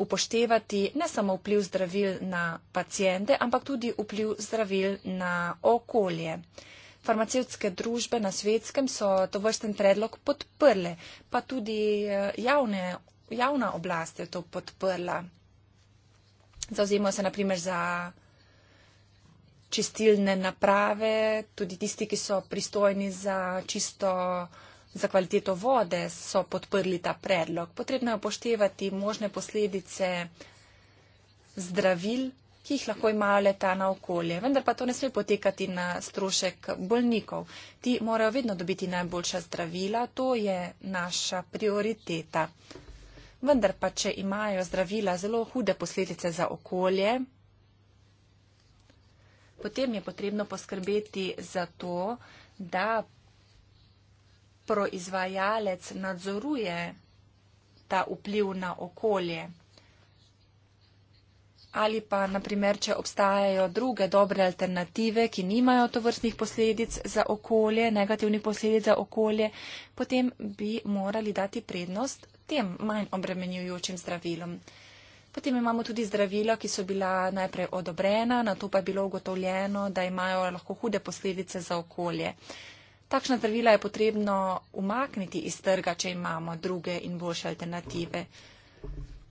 upoštevati ne samo vpliv zdravil na pacijente, ampak tudi vpliv zdravil na okolje farmacevtske družbe na svetskem so to vrsten predlog podprle, pa tudi eh, javne, javna oblast je to podprla. Zauzemajo se naprimer za čistilne naprave, tudi tisti, ki so pristojni za čisto za kvaliteto vode, so podprli ta predlog. Potrebno je upoštevati možne posledice zdravil, ki jih lahko imajo leta na okolje. Vendar pa to ne sme potekati na strošek bolnikov. Ti morajo vedno dobiti najboljša zdravila, to je naša prioriteta. Vendar pa, če imajo zdravila zelo hude posledice za okolje, potem je potrebno poskrbeti za to, da proizvajalec nadzoruje ta vpliv na okolje ali pa, naprimer, če obstajajo druge dobre alternative, ki nimajo tovrstnih posledic za okolje, negativnih posledic za okolje, potem bi morali dati prednost tem manj obremenjujočim zdravilom. Potem imamo tudi zdravila, ki so bila najprej odobrena, na to pa je bilo ugotovljeno, da imajo lahko hude posledice za okolje. Takšna zdravila je potrebno umakniti iz trga, če imamo druge in boljše alternative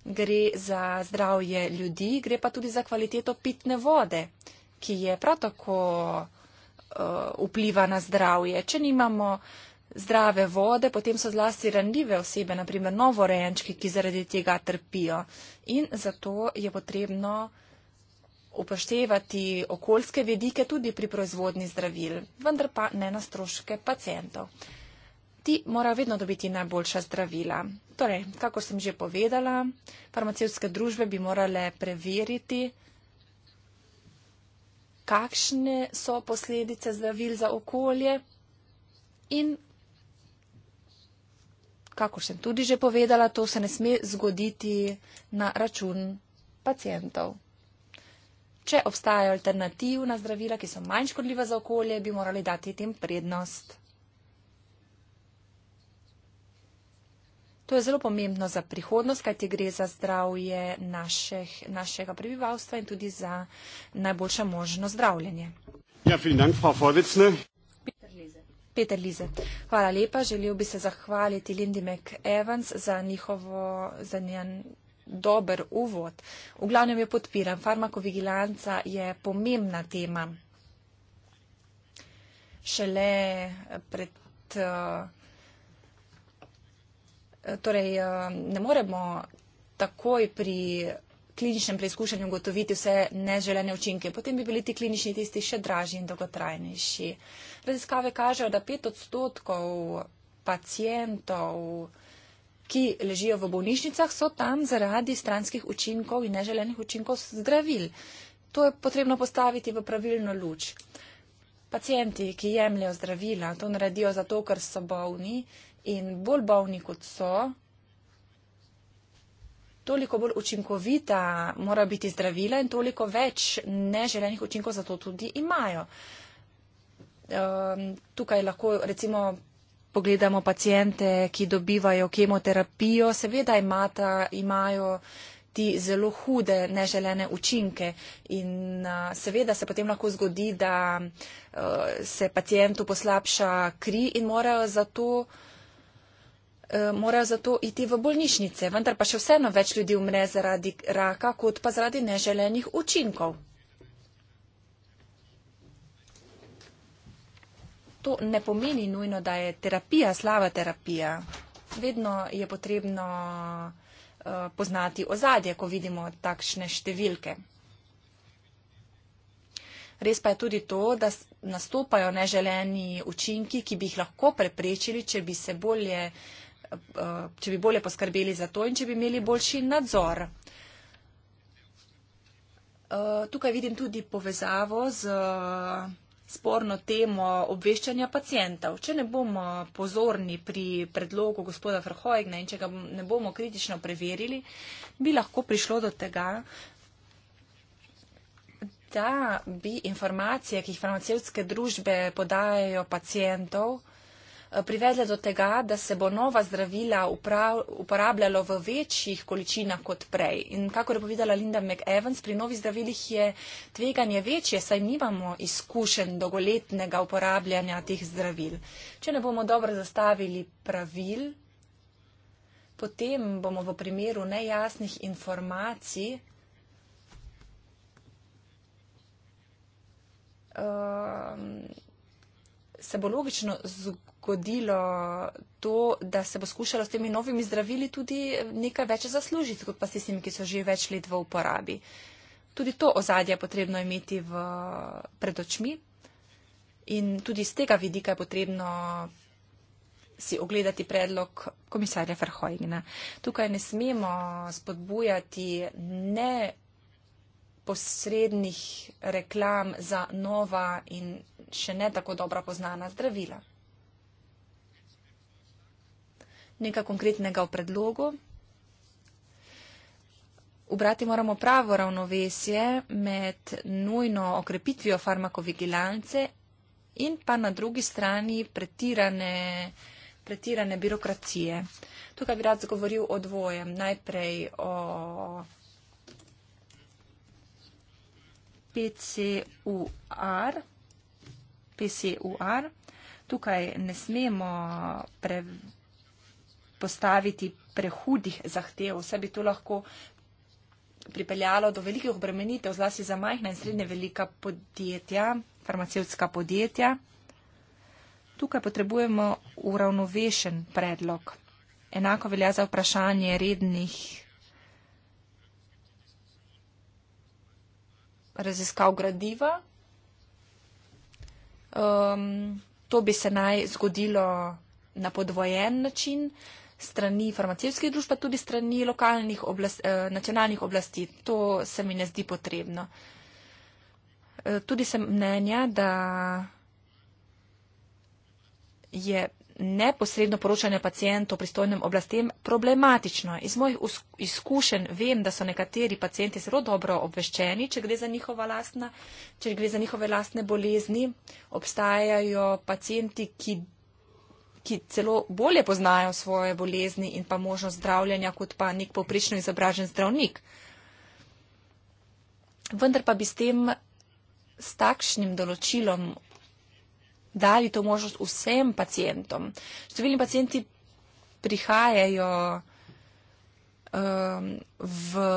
gre za zdravje ljudi, gre pa tudi za kvaliteto pitne vode, ki je prav tako uh, vpliva na zdravje. Če nimamo zdrave vode, potem so zlasti randljive osebe, naprimer novorenčki, ki zaradi tega trpijo. In zato je potrebno upoštevati okoljske vedike tudi pri proizvodni zdravil, vendar pa ne na stroške pacijentov pacienti morajo vedno dobiti najboljša zdravila. Torej, kako sem že povedala, farmacevtske družbe bi morale preveriti, kakšne so posledice zdravil za okolje in kako sem tudi že povedala, to se ne sme zgoditi na račun pacijentov. Če obstajajo alternativna zdravila, ki so manj škodljiva za okolje, bi morali dati tem prednost. To je zelo pomembno za prihodnost, kajti gre za zdravje našeh, našega prebivalstva in tudi za najboljše možno zdravljenje. Ja, dank, Peter, Lize. Peter Lize. Hvala lepa. Želel bi se zahvaliti Lindy McEvans za njihovo, za njen dober uvod. V glavnem jo podpiram. Farmakovigilanca je pomembna tema. Šele pred. Eh, Eh, torej, eh, ne moremo takoj pri kliničnem preizkušanju ugotoviti vse neželene učinke. Potem bi bili ti klinični testi še dražji in dolgotrajnejši. Raziskave kažejo, da pet odstotkov pacijentov, ki ležijo v bolnišnicah, so tam zaradi stranskih učinkov in neželenih učinkov zdravil. To je potrebno postaviti v pravilno luč. Pacijenti, ki jemljajo zdravila, to naredijo zato, ker so bolni, In bolj bolni kot so, toliko bolj učinkovita mora biti zdravila in toliko več neželenih učinkov zato tudi imajo. Um, tukaj lahko recimo pogledamo pacijente, ki dobivajo kemoterapijo, seveda imata, imajo ti zelo hude neželene učinke in uh, seveda se potem lahko zgodi, da uh, se pacijentu poslabša kri in morajo zato uh, Eh, morajo zato iti v bolnišnice, vendar pa še vseeno več ljudi umre zaradi raka, kot pa zaradi neželenih učinkov. To ne pomeni nujno, da je terapija slaba terapija. Vedno je potrebno eh, poznati ozadje, ko vidimo takšne številke. Res pa je tudi to, da nastopajo neželeni učinki, ki bi jih lahko preprečili, če bi se bolje uh, Eh, če bi bolje poskrbeli za to in če bi imeli boljši nadzor. Eh, tukaj vidim tudi povezavo z eh, sporno temo obveščanja pacijentov. Če ne bomo pozorni pri predlogu gospoda Frhojgna in če ga ne bomo kritično preverili, bi lahko prišlo do tega, da bi informacije, ki jih farmacevtske družbe podajajo pacijentov, Eh, privedle do tega, da se bo nova zdravila uporabljalo v večjih količinah kot prej. In kako je povedala Linda McEvans, pri novih zdravilih je tveganje večje, saj nimamo izkušen dolgoletnega uporabljanja teh zdravil. Če ne bomo dobro zastavili pravil, potem bomo v primeru nejasnih informacij. Ehm, se bo logično zgodilo to, da se bo skušalo s temi novimi zdravili tudi nekaj več zaslužiti, kot pa s tistimi, ki so že več let v uporabi. Tudi to ozadje je potrebno imeti v, pred očmi in tudi z tega vidika je potrebno si ogledati predlog komisarja Ferhojgina. Tukaj ne smemo spodbujati ne posrednih reklam za nova in še ne tako dobro poznana zdravila. nekaj konkretnega v predlogu. Ubrati moramo pravo ravnovesje med nujno okrepitvijo farmakovigilance in pa na drugi strani pretirane, pretirane birokracije. Tukaj bi rad zagovoril o dvojem. Najprej o PCUR. PCUR. Tukaj ne smemo preveč postaviti prehudih zahtev. Vse bi to lahko pripeljalo do velikih obremenitev, zlasti za majhna in srednje velika podjetja, farmacevtska podjetja. Tukaj potrebujemo uravnovešen predlog. Enako velja za vprašanje rednih raziskav gradiva. Um, to bi se naj zgodilo na podvojen način. Uh, strani farmacijskih družb, pa tudi strani lokalnih oblast, eh, nacionalnih oblasti. To se mi ne zdi potrebno. Eh, tudi sem mnenja, da je neposredno poročanje pacijentov pristojnim oblastem problematično. Iz mojih izkušenj vem, da so nekateri pacijenti zelo dobro obveščeni, če gre za, lastna, če gre za njihove lastne bolezni. Obstajajo pacijenti, ki ki celo bolje poznajo svoje bolezni in pa možnost zdravljenja, kot pa nek poprično izobražen zdravnik. Vendar pa bi s tem, s takšnim določilom, dali to možnost vsem pacijentom. Številni pacijenti prihajajo um, v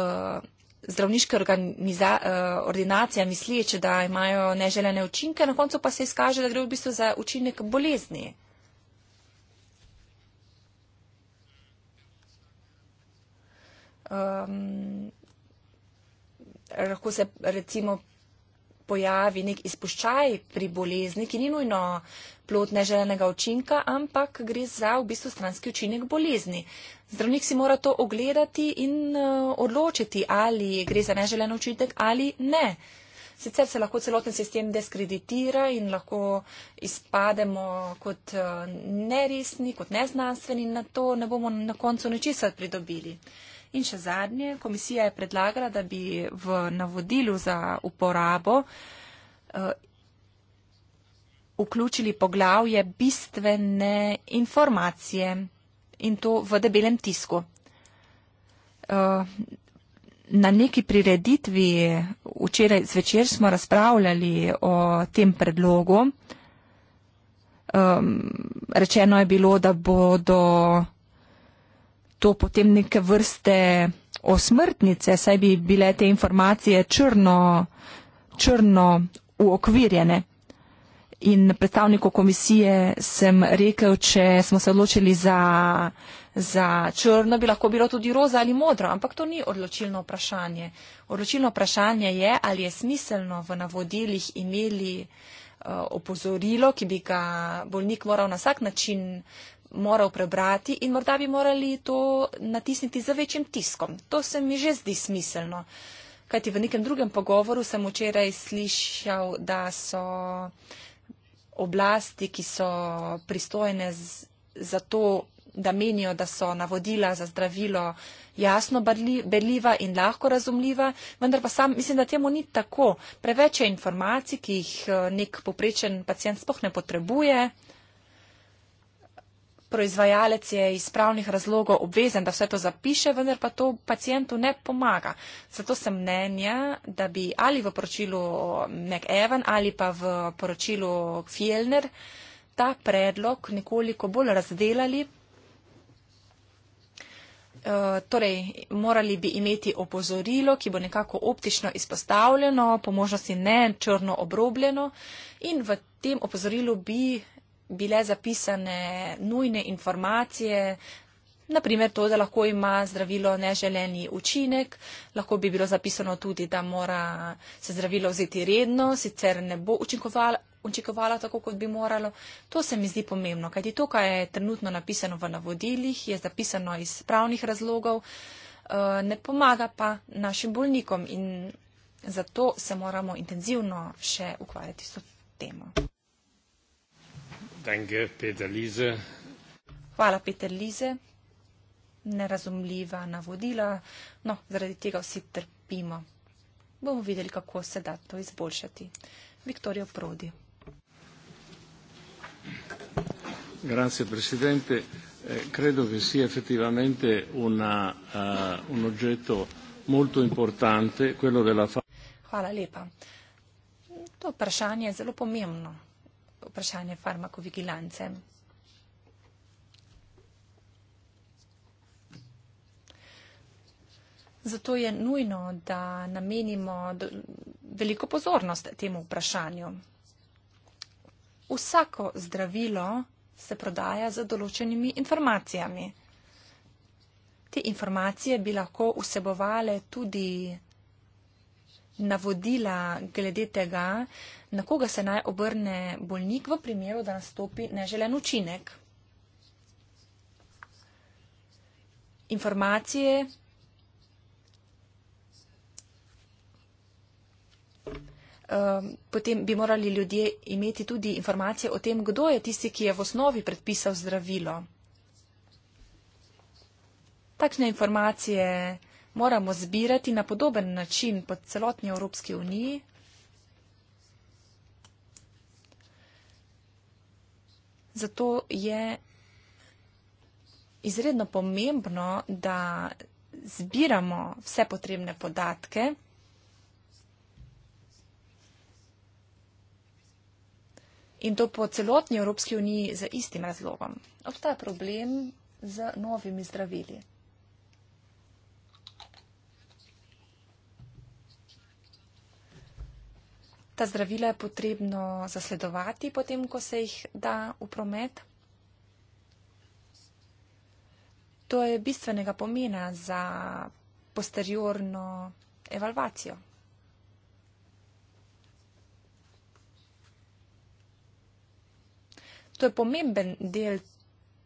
zdravniške organiza, uh, ordinacije, misleče, da imajo neželene učinke, na koncu pa se izkaže, da gre v bistvu za učinek bolezni. um, lahko se recimo pojavi nek izpuščaj pri bolezni, ki ni nujno plot neželenega učinka, ampak gre za v bistvu stranski učinek bolezni. Zdravnik si mora to ogledati in uh, odločiti, ali gre za neželen učinek ali ne. Sicer se lahko celoten sistem deskreditira in lahko izpademo kot uh, neresni, kot neznanstveni in na to ne bomo na koncu ničesar pridobili. Uh, In še zadnje, komisija je predlagala, da bi v navodilu za uporabo eh, vključili poglavje bistvene informacije in to v debelem tisku. Eh, na neki prireditvi včeraj zvečer smo razpravljali o tem predlogu. Eh, rečeno je bilo, da bodo to potem neke vrste osmrtnice, saj bi bile te informacije črno, črno uokvirjene. In predstavniku komisije sem rekel, če smo se odločili za, za črno, bi lahko bilo tudi roza ali modro, ampak to ni odločilno vprašanje. Odločilno vprašanje je, ali je smiselno v navodilih imeli eh, opozorilo, ki bi ga bolnik moral na vsak način moral prebrati in morda bi morali to natisniti za večjim tiskom. To se mi že zdi smiselno. Kajti v nekem drugem pogovoru sem včeraj slišal, da so oblasti, ki so pristojne za to, da menijo, da so navodila za zdravilo jasno berljiva in lahko razumljiva, vendar pa sam mislim, da temu ni tako. Preveč je informacij, ki jih eh, nek poprečen pacijent spohne potrebuje, proizvajalec je iz pravnih razlogov obvezen, da vse to zapiše, vendar pa to pacijentu ne pomaga. Zato sem mnenja, da bi ali v poročilu McEwan ali pa v poročilu Fjellner ta predlog nekoliko bolj razdelali. Eh, torej, morali bi imeti opozorilo, ki bo nekako optično izpostavljeno, po možnosti ne črno obrobljeno in v tem opozorilu bi bile zapisane nujne informacije, naprimer to, da lahko ima zdravilo neželeni učinek, lahko bi bilo zapisano tudi, da mora se zdravilo vzeti redno, sicer ne bo učinkovalo učinkovala tako, kot bi moralo. To se mi zdi pomembno, kajti to, kar je trenutno napisano v navodilih, je zapisano iz pravnih razlogov, eh, ne pomaga pa našim bolnikom in zato se moramo intenzivno še ukvarjati s to temo. Danke, Peter Liese. Hvala, Peter Lize. Nerazumljiva navodila. No, zaradi tega vsi trpimo. Bomo videli, kako se da to izboljšati. Viktorijo Prodi. Grazie, presidente. Eh, credo che sia effettivamente una, uh, un oggetto molto importante quello della fa- Hvala lepa. To vprašanje je zelo pomembno vprašanje farmakovigilance. Zato je nujno, da namenimo veliko pozornost temu vprašanju. Vsako zdravilo se prodaja z določenimi informacijami. Te informacije bi lahko vsebovale tudi navodila glede tega, na koga se naj obrne bolnik v primeru, da nastopi neželen učinek. Informacije. Ehm, potem bi morali ljudje imeti tudi informacije o tem, kdo je tisti, ki je v osnovi predpisal zdravilo. Takšne informacije moramo zbirati na podoben način po celotni Evropski uniji. Zato je izredno pomembno, da zbiramo vse potrebne podatke. In to po celotni Evropski uniji za istim razlogom. Obstaja problem z novimi zdravili. ta zdravila je potrebno zasledovati potem, ko se jih da v promet? To je bistvenega pomena za posteriorno evalvacijo. To je pomemben del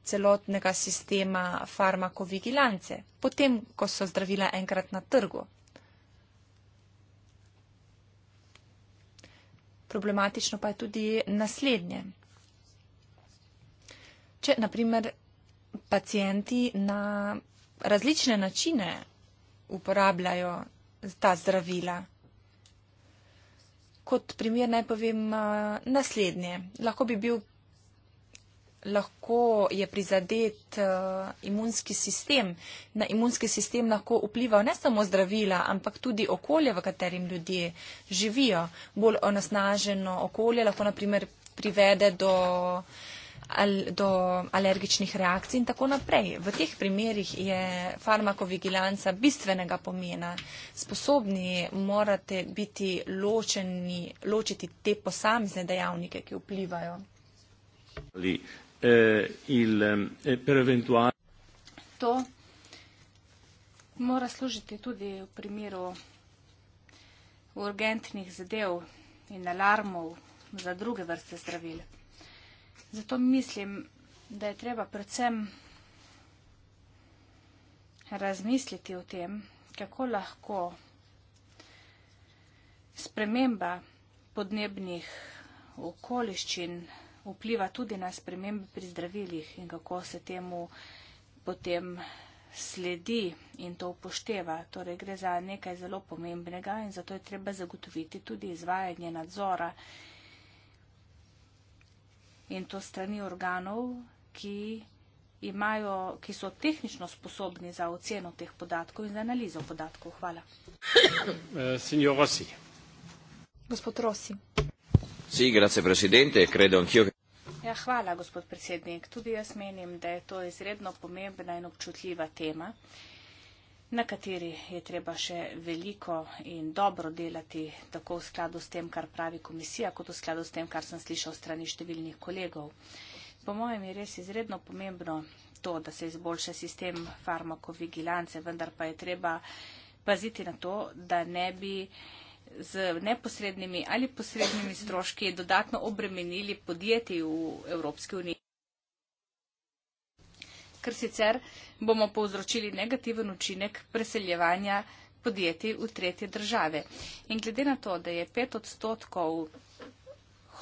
celotnega sistema farmakovigilance, potem, ko so zdravila enkrat na trgu. Problematično pa je tudi naslednje. Če naprimer pacijenti na različne načine uporabljajo ta zdravila. Kot primer naj povem eh, naslednje. Lahko bi bil lahko je prizadet uh, imunski sistem. Na imunski sistem lahko vplivajo ne samo zdravila, ampak tudi okolje, v katerem ljudje živijo. Bolj onasnaženo okolje lahko naprimer privede do, al, do alergičnih reakcij in tako naprej. V teh primerjih je farmakovigilanca bistvenega pomena. Sposobni morate biti ločeni, ločiti te posamezne dejavnike, ki vplivajo. Ali eh, il, eh, per eventuali. To mora služiti tudi v primeru urgentnih zadev in alarmov za druge vrste zdravil. Zato mislim, da je treba predvsem razmisliti o tem, kako lahko sprememba podnebnih okoliščin vpliva tudi na spremembe pri zdravilih in kako se temu potem sledi in to upošteva. Torej gre za nekaj zelo pomembnega in zato je treba zagotoviti tudi izvajanje nadzora in to strani organov, ki, imajo, ki so tehnično sposobni za oceno teh podatkov in za analizo podatkov. Hvala. Eh, Gospod Rossi. Sì, grazie Presidente, credo anch'io che... Ja, hvala, gospod predsednik. Tudi jaz menim, da je to izredno pomembna in občutljiva tema, na kateri je treba še veliko in dobro delati, tako v skladu s tem, kar pravi komisija, kot v skladu s tem, kar sem slišal strani številnih kolegov. Po mojem je res izredno pomembno to, da se izboljša sistem farmakovigilance, vendar pa je treba paziti na to, da ne bi z neposrednimi ali posrednimi stroški dodatno obremenili podjetij v Evropski uniji. Ker sicer bomo povzročili negativen učinek preseljevanja podjetij v tretje države. In glede na to, da je pet odstotkov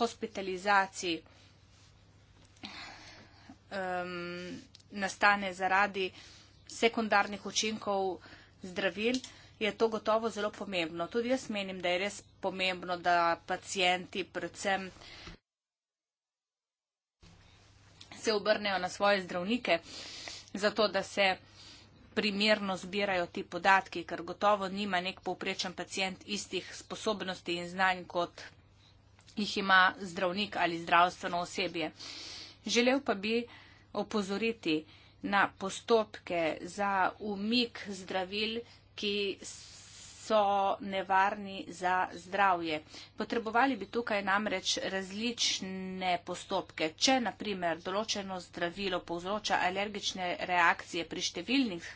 hospitalizacij um, nastane zaradi sekundarnih učinkov zdravil, je to gotovo zelo pomembno. Tudi jaz menim, da je res pomembno, da pacijenti predvsem se obrnejo na svoje zdravnike, zato da se primerno zbirajo ti podatki, ker gotovo nima nek povprečen pacijent istih sposobnosti in znanj, kot jih ima zdravnik ali zdravstveno osebje. Želel pa bi opozoriti na postopke za umik zdravil ki so nevarni za zdravje. Potrebovali bi tukaj namreč različne postopke. Če, na primer, določeno zdravilo povzroča alergične reakcije pri številnih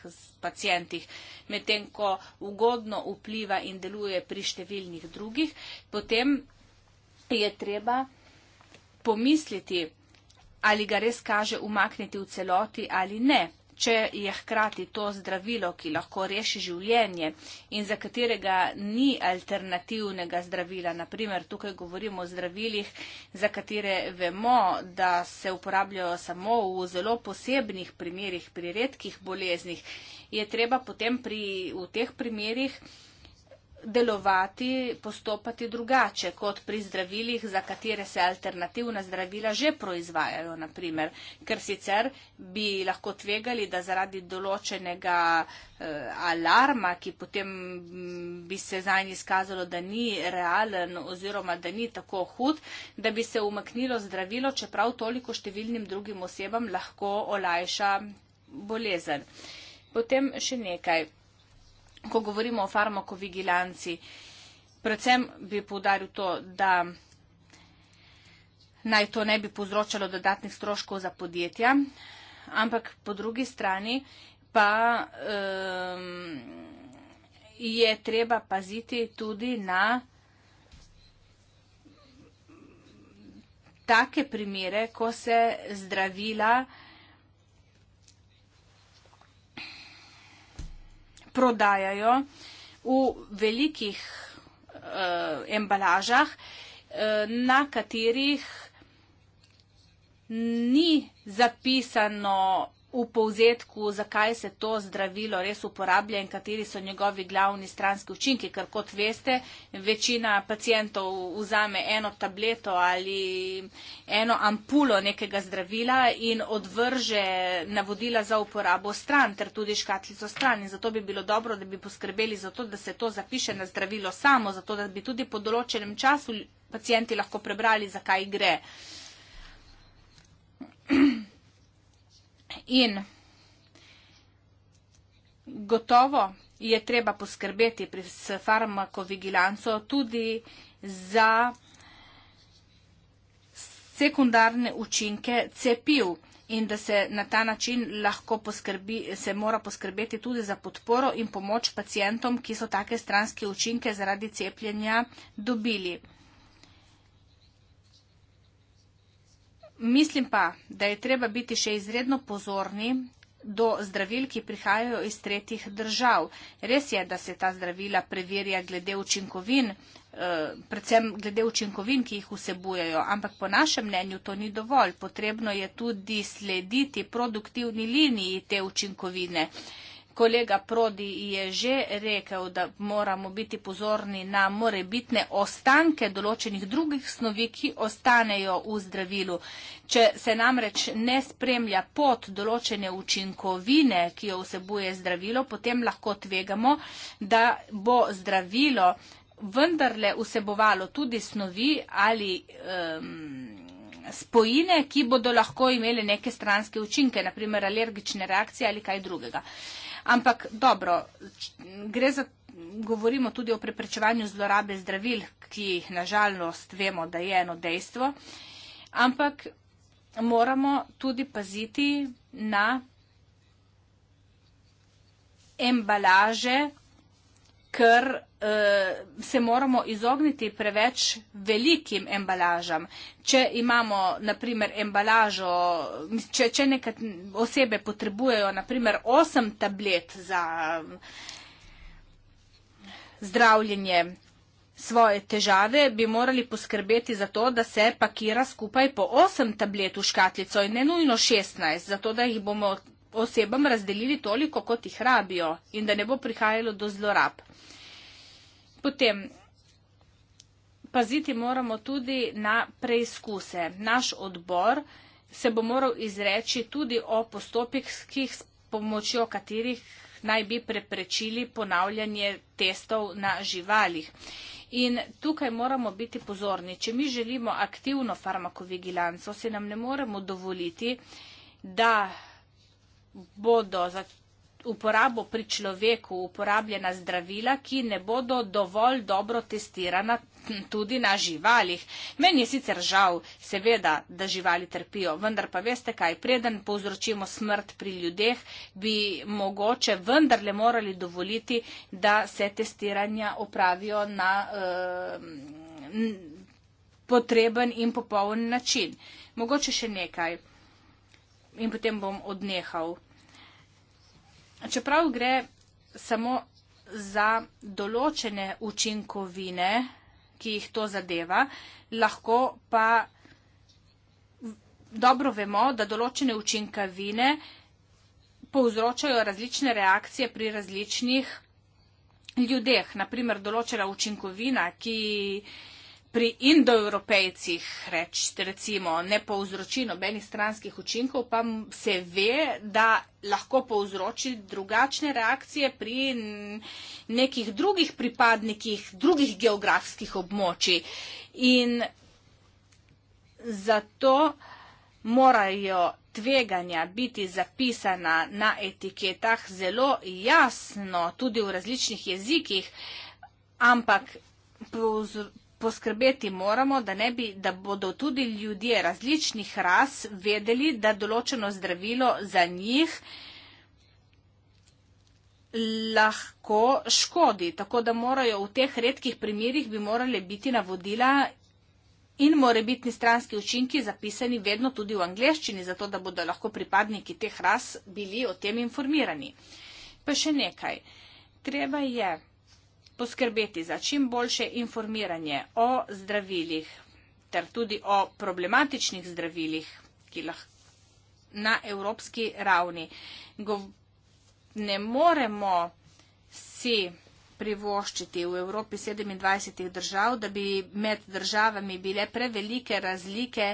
pacijentih, medtem ko ugodno vpliva in deluje pri številnih drugih, potem je treba pomisliti, ali ga res kaže umakniti v celoti ali ne če je hkrati to zdravilo, ki lahko reši življenje in za katerega ni alternativnega zdravila. Naprimer, tukaj govorimo o zdravilih, za katere vemo, da se uporabljajo samo v zelo posebnih primerih, pri redkih boleznih, je treba potem pri, v teh primerih delovati, postopati drugače kot pri zdravilih, za katere se alternativna zdravila že proizvajajo, naprimer. ker sicer bi lahko tvegali, da zaradi določenega eh, alarma, ki potem mm, bi se za njih izkazalo, da ni realen oziroma da ni tako hud, da bi se umaknilo zdravilo, čeprav toliko številnim drugim osebam lahko olajša bolezen. Potem še nekaj ko govorimo o farmakovigilanci, predvsem bi povdaril to, da naj to ne bi povzročalo dodatnih stroškov za podjetja, ampak po drugi strani pa um, je treba paziti tudi na take primere, ko se zdravila uh, prodajajo v velikih eh, embalažah, eh, na katerih ni zapisano v povzetku, zakaj se to zdravilo res uporablja in kateri so njegovi glavni stranski učinki, ker kot veste, večina pacijentov vzame eno tableto ali eno ampulo nekega zdravila in odvrže navodila za uporabo stran ter tudi škatlico stran. In zato bi bilo dobro, da bi poskrbeli za to, da se to zapiše na zdravilo samo, zato da bi tudi po določenem času pacijenti lahko prebrali, zakaj gre. In gotovo je treba poskrbeti pri farmakovigilanco tudi za sekundarne učinke cepiv in da se na ta način lahko poskrbi, se mora poskrbeti tudi za podporo in pomoč pacijentom, ki so take stranske učinke zaradi cepljenja dobili. Mislim pa, da je treba biti še izredno pozorni do zdravil, ki prihajajo iz tretjih držav. Res je, da se ta zdravila preverja glede učinkovin, eh, predvsem glede učinkovin, ki jih vsebujejo, ampak po našem mnenju to ni dovolj. Potrebno je tudi slediti produktivni liniji te učinkovine kolega Prodi je že rekel, da moramo biti pozorni na morebitne ostanke določenih drugih snovi, ki ostanejo v zdravilu. Če se namreč ne spremlja pot določene učinkovine, ki jo vsebuje zdravilo, potem lahko tvegamo, da bo zdravilo vendarle vsebovalo tudi snovi ali. Um, spojine, ki bodo lahko imele neke stranske učinke, naprimer alergične reakcije ali kaj drugega. Uh, Ampak dobro, gre za. Govorimo tudi o preprečevanju zlorabe zdravil, ki nažalost vemo, da je eno dejstvo, ampak moramo tudi paziti na embalaže, ker Eh, se moramo izogniti preveč velikim embalažam. Če imamo, na primer, embalažo, če, če neke osebe potrebujejo, na primer, 8 tablet za zdravljenje svoje težave, bi morali poskrbeti za to, da se pakira skupaj po 8 tablet v škatlico in ne nujno 16, zato da jih bomo osebam razdelili toliko, kot jih rabijo in da ne bo prihajalo do zlorab. Potem, paziti moramo tudi na preizkuse. Naš odbor se bo moral izreči tudi o postopkih, s pomočjo katerih naj bi preprečili ponavljanje testov na živalih. In tukaj moramo biti pozorni. Če mi želimo aktivno farmakovigilanco, se nam ne moremo dovoliti, da bodo za uporabo pri človeku uporabljena zdravila, ki ne bodo dovolj dobro testirana tudi na živalih. Meni je sicer žal, seveda, da živali trpijo, vendar pa veste kaj, preden povzročimo smrt pri ljudeh, bi mogoče vendarle morali dovoliti, da se testiranja opravijo na eh, potreben in popoln način. Mogoče še nekaj. In potem bom odnehal čeprav gre samo za določene učinkovine, ki jih to zadeva, lahko pa dobro vemo, da določene učinkovine povzročajo različne reakcije pri različnih ljudeh. Naprimer, določena učinkovina, ki pri indoevropejcih reči, recimo, ne povzroči nobenih stranskih učinkov, pa se ve, da lahko povzroči drugačne reakcije pri nekih drugih pripadnikih drugih geografskih območij. In zato morajo tveganja biti zapisana na etiketah zelo jasno, tudi v različnih jezikih, ampak poskrbeti moramo, da, ne bi, da bodo tudi ljudje različnih ras vedeli, da določeno zdravilo za njih lahko škodi. Tako da morajo v teh redkih primerjih bi morali biti navodila in more biti stranski učinki zapisani vedno tudi v angleščini, zato da bodo lahko pripadniki teh ras bili o tem informirani. Pa še nekaj. Treba je poskrbeti za čim boljše informiranje o zdravilih ter tudi o problematičnih zdravilih, ki lahko na evropski ravni ne moremo si privoščiti v Evropi 27 držav, da bi med državami bile prevelike razlike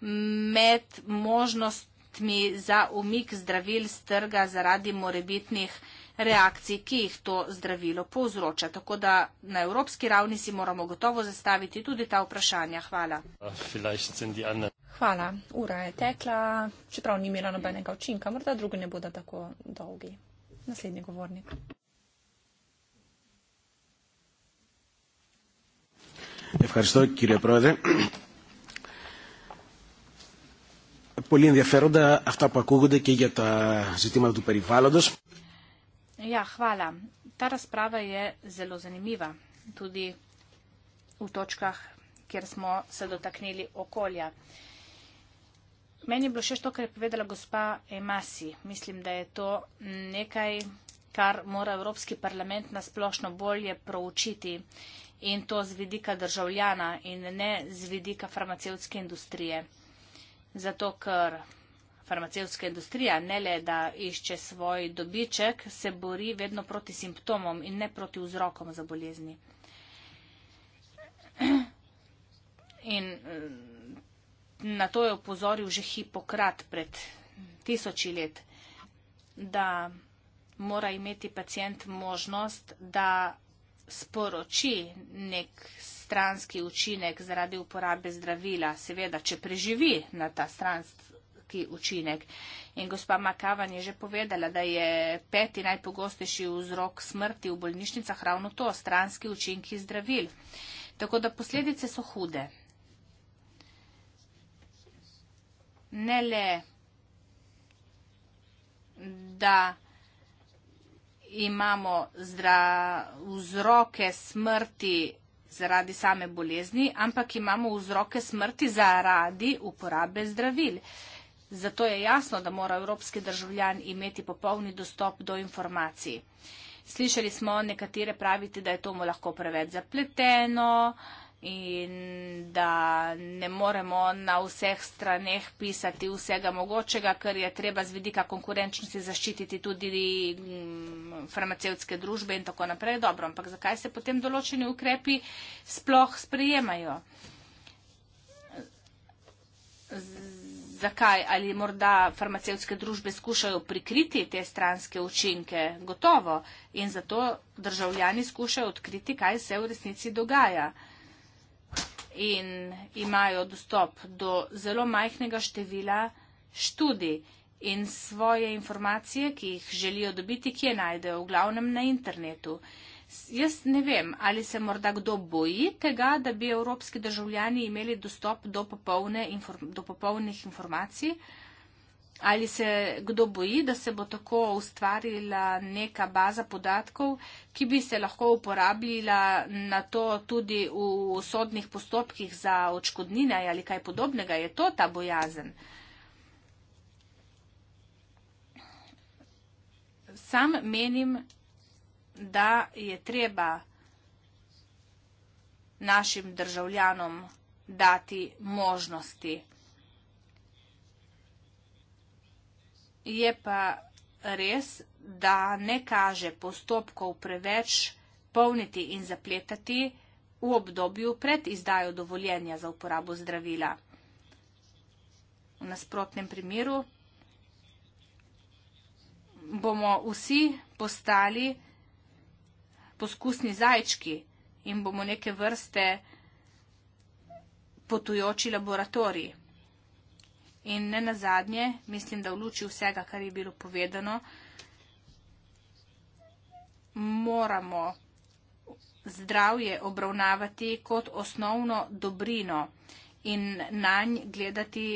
med možnostmi za umik zdravil z trga zaradi morebitnih reakcij, ki jih to zdravilo povzroča. Tako da na evropski ravni si moramo gotovo zastaviti tudi ta vprašanja. Hvala. Ja, Hvala. Ura je tekla, čeprav ni imela nobenega učinka, morda drugi ne bodo tako dolgi. Naslednji govornik. Ευχαριστώ κύριε Πρόεδρε. Πολύ ενδιαφέροντα αυτά που ακούγονται και για τα ζητήματα του περιβάλλοντος. Ja, hvala. Ta razprava je zelo zanimiva, tudi v točkah, kjer smo se dotaknili okolja. Meni je bilo še to, kar je povedala gospa Emasi. Mislim, da je to nekaj, kar mora Evropski parlament nasplošno bolje proučiti in to z vidika državljana in ne z vidika farmacevtske industrije. Zato, ker farmacevtska industrija ne le, da išče svoj dobiček, se bori vedno proti simptomom in ne proti vzrokom za bolezni. In eh, na to je upozoril že Hipokrat pred tisoči let, da mora imeti pacijent možnost, da sporoči nek stranski učinek zaradi uporabe zdravila, seveda, če preživi na ta stranski krhki učinek. In gospa Makavan je že povedala, da je peti najpogostejši vzrok smrti v bolnišnicah ravno to, stranski učinki zdravil. Tako da posledice so hude. Ne le, da imamo zdra, vzroke smrti zaradi same bolezni, ampak imamo vzroke smrti zaradi uporabe zdravil. Uh, Zato je jasno, da mora evropski državljan imeti popolni dostop do informacij. Slišali smo nekatere praviti, da je to mu lahko preveč zapleteno in da ne moremo na vseh straneh pisati vsega mogočega, ker je treba z vidika konkurenčnosti zaščititi tudi mm, farmacevtske družbe in tako naprej. Dobro, ampak zakaj se potem določeni ukrepi sploh sprejemajo? Z zakaj, ali morda farmacevske družbe skušajo prikriti te stranske učinke, gotovo, in zato državljani skušajo odkriti, kaj se v resnici dogaja. In imajo dostop do zelo majhnega števila študij in svoje informacije, ki jih želijo dobiti, ki je najdejo v glavnem na internetu. Jaz ne vem, ali se morda kdo boji tega, da bi evropski državljani imeli dostop do, popolne, do popolnih informacij, ali se kdo boji, da se bo tako ustvarila neka baza podatkov, ki bi se lahko uporabljila na to tudi v sodnih postopkih za očkodnine ali kaj podobnega. Je to ta bojazen? Sam menim, da je treba našim državljanom dati možnosti. Je pa res, da ne kaže postopkov preveč polniti in zapletati v obdobju pred izdajo dovoljenja za uporabo zdravila. V nasprotnem primeru bomo vsi postali poskusni zajčki in bomo neke vrste potujoči laboratoriji. In ne na zadnje, mislim, da v luči vsega, kar je bilo povedano, moramo zdravje obravnavati kot osnovno dobrino in na nj gledati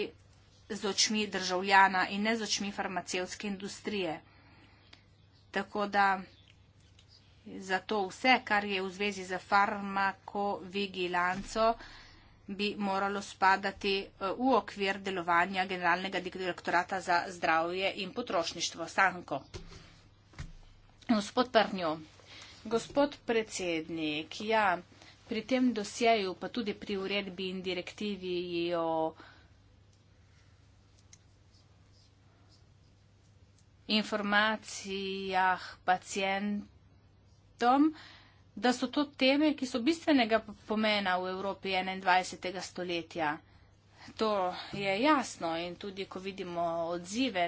z očmi državljana in ne z očmi farmacevske industrije. Tako da. Zato vse, kar je v zvezi z farmakovigilanco, bi moralo spadati eh, v okvir delovanja Generalnega direktorata za zdravje in potrošništvo. Sanko. Gospod Prnjo, gospod predsednik, ja, pri tem dosjeju, pa tudi pri uredbi in direktivi o informacijah pacijentov, tem, da so to teme, ki so bistvenega pomena v Evropi 21. stoletja. To je jasno in tudi, ko vidimo odzive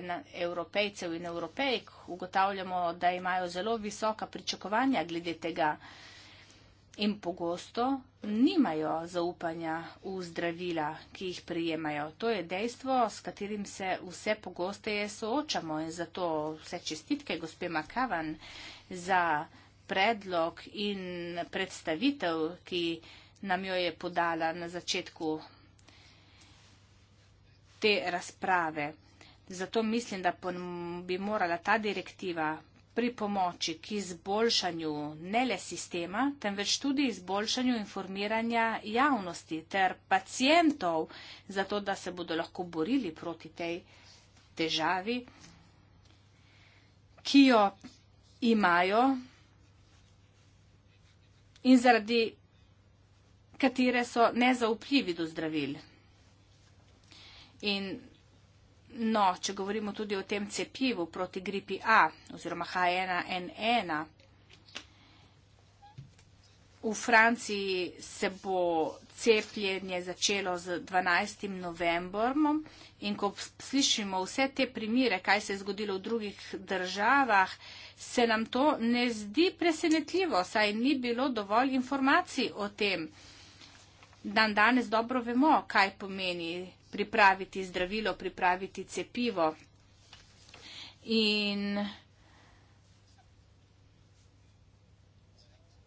evropejcev in evropejk, ugotavljamo, da imajo zelo visoka pričakovanja glede tega in pogosto nimajo zaupanja v zdravila, ki jih prijemajo. To je dejstvo, s katerim se vse pogosteje soočamo in zato vse čestitke gospe Makavan za predlog in predstavitev, ki nam jo je podala na začetku te razprave. Zato mislim, da bi morala ta direktiva pri pomoči k izboljšanju ne le sistema, temveč tudi izboljšanju informiranja javnosti ter pacijentov, zato da se bodo lahko borili proti tej težavi, ki jo imajo in zaradi katere so nezaupljivi do zdravil. In no, če govorimo tudi o tem cepivu proti gripi A oziroma H1N1, v Franciji se bo cepljenje začelo z 12. novembrom in ko slišimo vse te primire, kaj se je zgodilo v drugih državah, se nam to ne zdi presenetljivo, saj ni bilo dovolj informacij o tem. Dan danes dobro vemo, kaj pomeni pripraviti zdravilo, pripraviti cepivo. In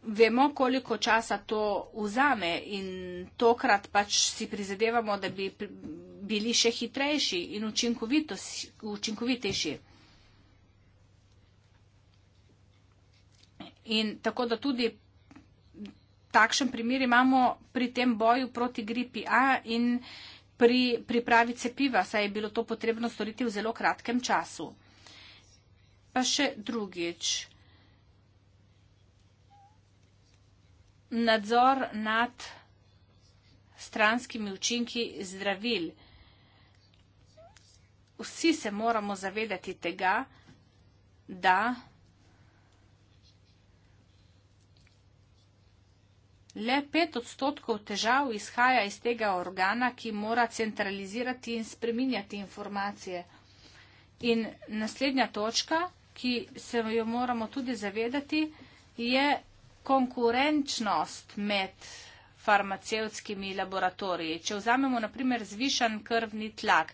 vemo, koliko časa to vzame in tokrat pač si prizadevamo, da bi bili še hitrejši in učinkovitejši. In tako da tudi takšen primer imamo pri tem boju proti gripi A in pri pripravi cepiva, saj je bilo to potrebno storiti v zelo kratkem času. Pa še drugič. nadzor nad stranskimi učinki zdravil. Vsi se moramo zavedati tega, da le pet odstotkov težav izhaja iz tega organa, ki mora centralizirati in spreminjati informacije. In naslednja točka, ki se jo moramo tudi zavedati, je konkurenčnost med farmacevskimi laboratoriji. Če vzamemo naprimer zvišan krvni tlak,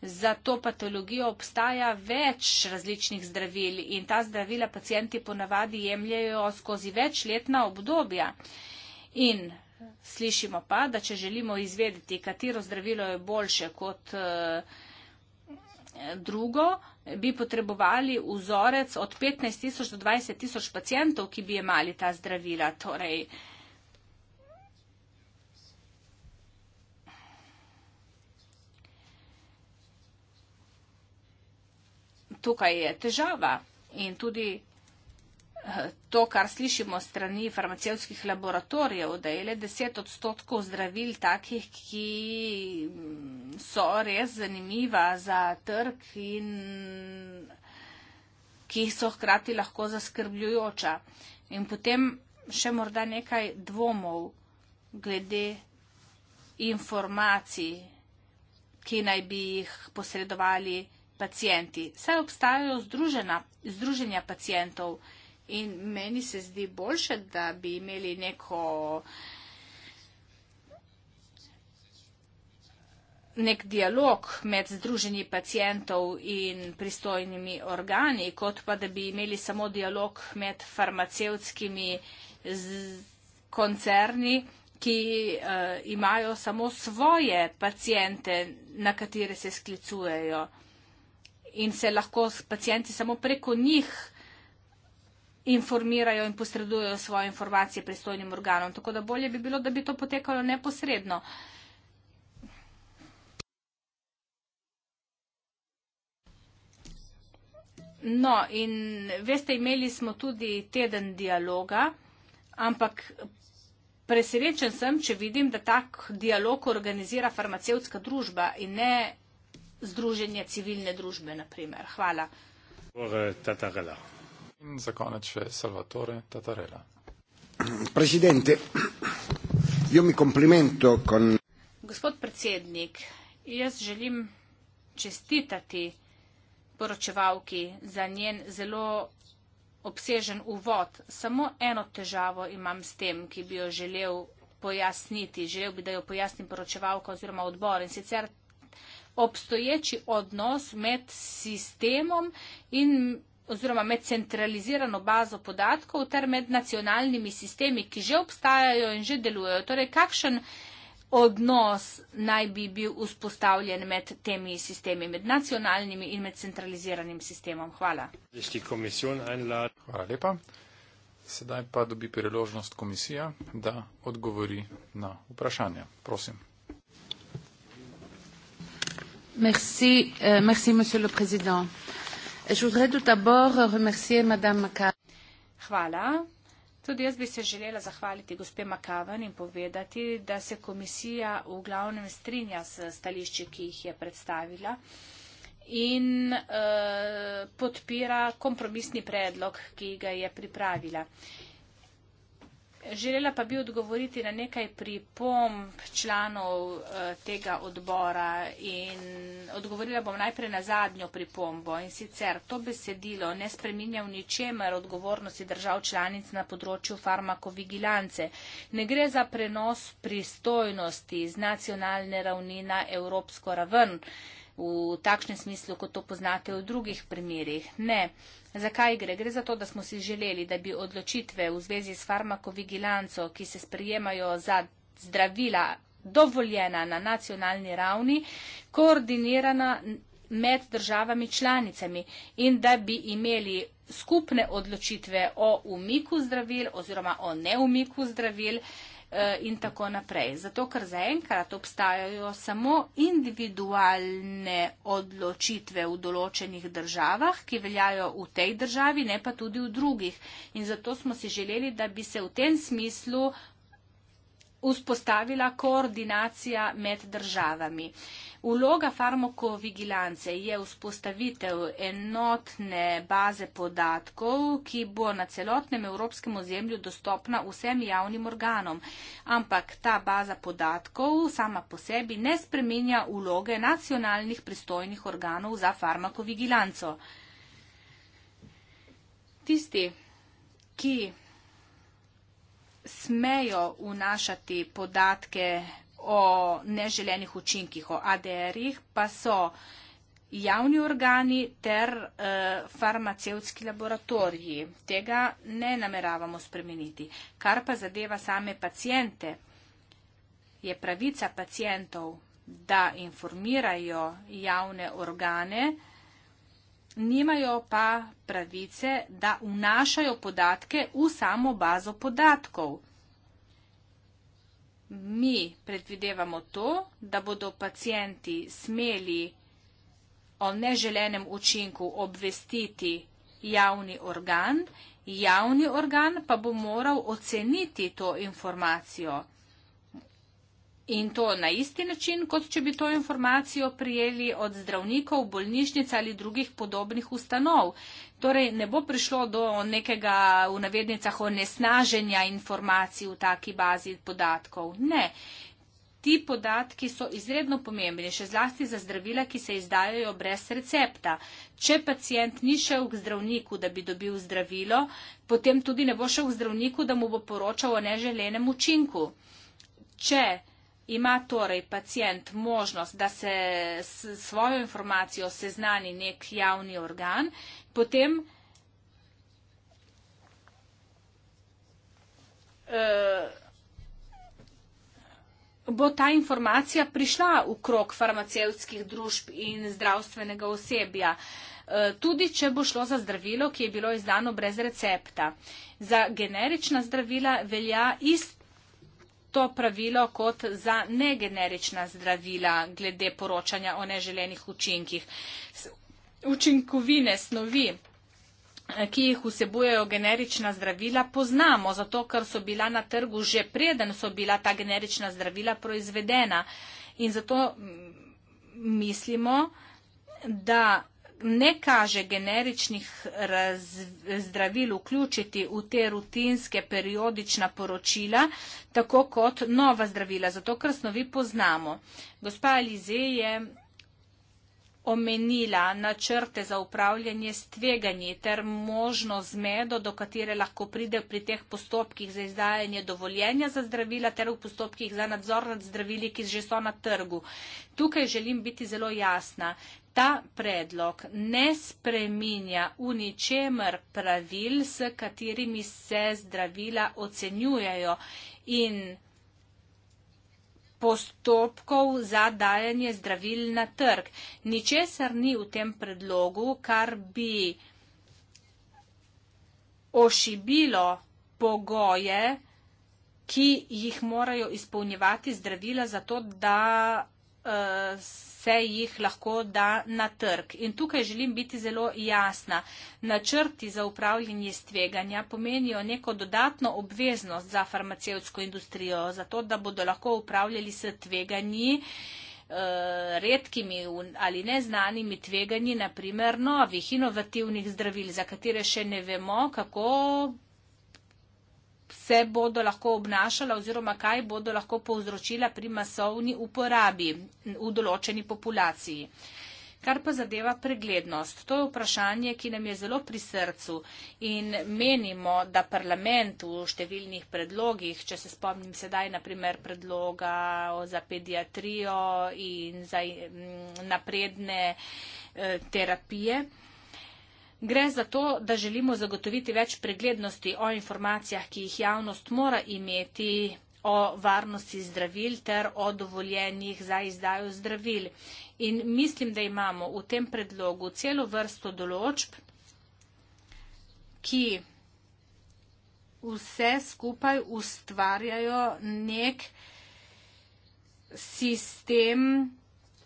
za to patologijo obstaja več različnih zdravil in ta zdravila pacijenti ponavadi jemljajo skozi večletna obdobja. In slišimo pa, da če želimo izvedeti, katero zdravilo je boljše kot uh, Drugo, bi potrebovali vzorec od 15 tisoč do 20 tisoč pacijentov, ki bi imali ta zdravila. Torej, tukaj je težava in tudi to, kar slišimo strani farmacevskih laboratorijev, da je le 10 odstotkov zdravil takih, ki mm, so res zanimiva za trg in ki so hkrati lahko zaskrbljujoča. In potem še morda nekaj dvomov glede informacij, ki naj bi jih posredovali pacijenti. Saj obstajajo združena, združenja pacijentov, In meni se zdi boljše, da bi imeli neko nek dialog med združenji pacijentov in pristojnimi organi, kot pa da bi imeli samo dialog med farmacevskimi koncerni, ki uh, imajo samo svoje pacijente, na katere se sklicujejo. In se lahko pacijenti samo preko njih informirajo in posredujejo svoje informacije pristojnim organom. Tako da bolje bi bilo, da bi to potekalo neposredno. No, in veste, imeli smo tudi teden dialoga, ampak presrečen sem, če vidim, da tak dialog organizira farmacevtska družba in ne združenje civilne družbe, naprimer. Hvala. Hvala. Eh, In za konec še Salvatore Tatarela. Presidente, jo mi komplimento kon. Gospod predsednik, jaz želim čestitati poročevalki za njen zelo obsežen uvod. Samo eno težavo imam s tem, ki bi jo želel pojasniti. Želel bi, da jo pojasnim poročevalko oziroma odbor in sicer obstoječi odnos med sistemom in oziroma med centralizirano bazo podatkov ter med nacionalnimi sistemi, ki že obstajajo in že delujejo. Torej, kakšen odnos naj bi bil vzpostavljen med temi sistemi, med nacionalnimi in med centraliziranim sistemom? Hvala. Hvala lepa. Sedaj pa dobi priložnost komisija, da odgovori na vprašanje. Prosim. Merci, uh, merci, monsieur le président. Hvala. Tudi jaz bi se želela zahvaliti gospe Makaven in povedati, da se komisija v glavnem strinja s stališči, ki jih je predstavila in eh, podpira kompromisni predlog, ki ga je pripravila. Eh, Želela pa bi odgovoriti na nekaj pripomb članov eh, tega odbora in odgovorila bom najprej na zadnjo pripombo in sicer to besedilo ne spreminja v ničemer odgovornosti držav članic na področju farmakovigilance. Ne gre za prenos pristojnosti z nacionalne ravni na evropsko raven v takšnem smislu, kot to poznate v drugih primerih. Ne. Zakaj gre? Gre za to, da smo si želeli, da bi odločitve v zvezi s farmakovigilanco, ki se sprijemajo za zdravila dovoljena na nacionalni ravni, koordinirana med državami članicami in da bi imeli skupne odločitve o umiku zdravil oziroma o neumiku zdravil. Eh, in tako naprej. Zato, ker zaenkrat obstajajo samo individualne odločitve v določenih državah, ki veljajo v tej državi, ne pa tudi v drugih. In zato smo si želeli, da bi se v tem smislu vzpostavila koordinacija med državami. Vloga farmakovigilance je vzpostavitev enotne baze podatkov, ki bo na celotnem evropskem ozemlju dostopna vsem javnim organom. Ampak ta baza podatkov sama po sebi ne spremenja vloge nacionalnih pristojnih organov za farmakovigilanco. Tisti, ki smejo vnašati podatke o neželenih učinkih, o ADR-ih, pa so javni organi ter e, farmacevtski laboratoriji. Tega ne nameravamo spremeniti. Kar pa zadeva same pacijente, je pravica pacijentov, da informirajo javne organe, nimajo pa pravice, da vnašajo podatke v samo bazo podatkov. Mi predvidevamo to, da bodo pacijenti smeli o neželenem učinku obvestiti javni organ, javni organ pa bo moral oceniti to informacijo. In to na isti način, kot če bi to informacijo prijeli od zdravnikov, bolnišnic ali drugih podobnih ustanov. Torej, ne bo prišlo do nekega v navednicah onesnaženja informacij v taki bazi podatkov. Ne. Ti podatki so izredno pomembni, še zlasti za zdravila, ki se izdajajo brez recepta. Če pacijent ni šel k zdravniku, da bi dobil zdravilo, potem tudi ne bo šel k zdravniku, da mu bo poročal o neželenem učinku. Če Ima torej pacijent možnost, da se s svojo informacijo seznani nek javni organ, potem eh, bo ta informacija prišla v krog farmacevskih družb in zdravstvenega osebja. Eh, tudi, če bo šlo za zdravilo, ki je bilo izdano brez recepta. Za generična zdravila velja ist to pravilo kot za negenerična zdravila glede poročanja o neželenih učinkih. Učinkovine snovi eh, ki jih vsebujejo generična zdravila, poznamo, zato ker so bila na trgu že preden so bila ta generična zdravila proizvedena. In zato mm, mislimo, da ne kaže generičnih raz, zdravil vključiti v te rutinske periodična poročila, tako kot nova zdravila, zato ker snovi poznamo. Gospa Elize je omenila načrte za upravljanje s tveganji ter možno zmedo, do katere lahko pride pri teh postopkih za izdajanje dovoljenja za zdravila ter v postopkih za nadzor nad zdravili, ki že so na trgu. Tukaj želim biti zelo jasna. Ta predlog ne spreminja v ničemer pravil, s katerimi se zdravila ocenjujejo in postopkov za dajanje zdravil na trg. Ničesar ni v tem predlogu, kar bi ošibilo pogoje, ki jih morajo izpolnjevati zdravila za to, da uh, se jih lahko da na trg. In tukaj želim biti zelo jasna. Načrti za upravljanje stveganja pomenijo neko dodatno obveznost za farmacevsko industrijo, zato da bodo lahko upravljali s tveganji eh, redkimi ali neznanimi tveganji, naprimer novih inovativnih zdravil, za katere še ne vemo, kako se bodo lahko obnašala oziroma kaj bodo lahko povzročila pri masovni uporabi v določeni populaciji. Kar pa zadeva preglednost, to je vprašanje, ki nam je zelo pri srcu in menimo, da parlament v številnih predlogih, če se spomnim sedaj na primer predloga za pediatrijo in za mm, napredne eh, terapije, Gre za to, da želimo zagotoviti več preglednosti o informacijah, ki jih javnost mora imeti o varnosti zdravil ter o dovoljenih za izdajo zdravil. In mislim, da imamo v tem predlogu celo vrsto določb, ki vse skupaj ustvarjajo nek sistem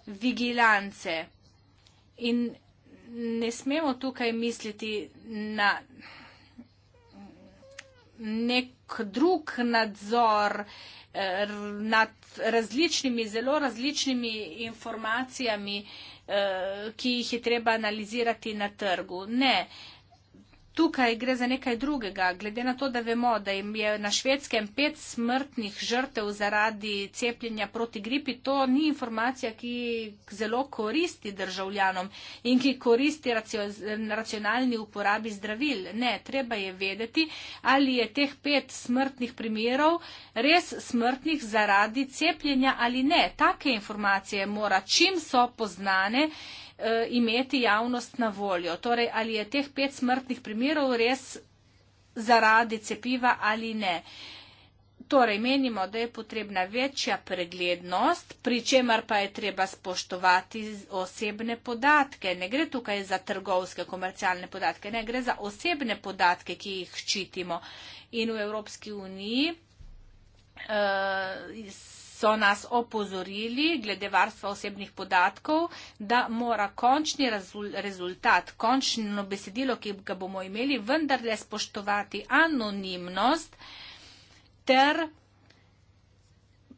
vigilance. In ne smemo tukaj misliti na nek drug nadzor eh, nad različnimi, zelo različnimi informacijami, eh, ki jih je treba analizirati na trgu. Ne, Tukaj gre za nekaj drugega, glede na to, da vemo, da jim je na švedskem pet smrtnih žrtev zaradi cepljenja proti gripi, to ni informacija, ki zelo koristi državljanom in ki koristi racionalni uporabi zdravil. Ne, treba je vedeti, ali je teh pet smrtnih primerov res smrtnih zaradi cepljenja ali ne. Take informacije mora, čim so poznane, Eh, imeti javnost na voljo. Torej, ali je teh pet smrtnih primerov res zaradi cepiva ali ne. Torej, menimo, da je potrebna večja preglednost, pri čemer pa je treba spoštovati osebne podatke. Ne gre tukaj za trgovske komercialne podatke, ne gre za osebne podatke, ki jih ščitimo. In v Evropski uniji uh, so nas opozorili glede varstva osebnih podatkov, da mora končni rezultat, končno besedilo, ki ga bomo imeli, vendarle spoštovati anonimnost ter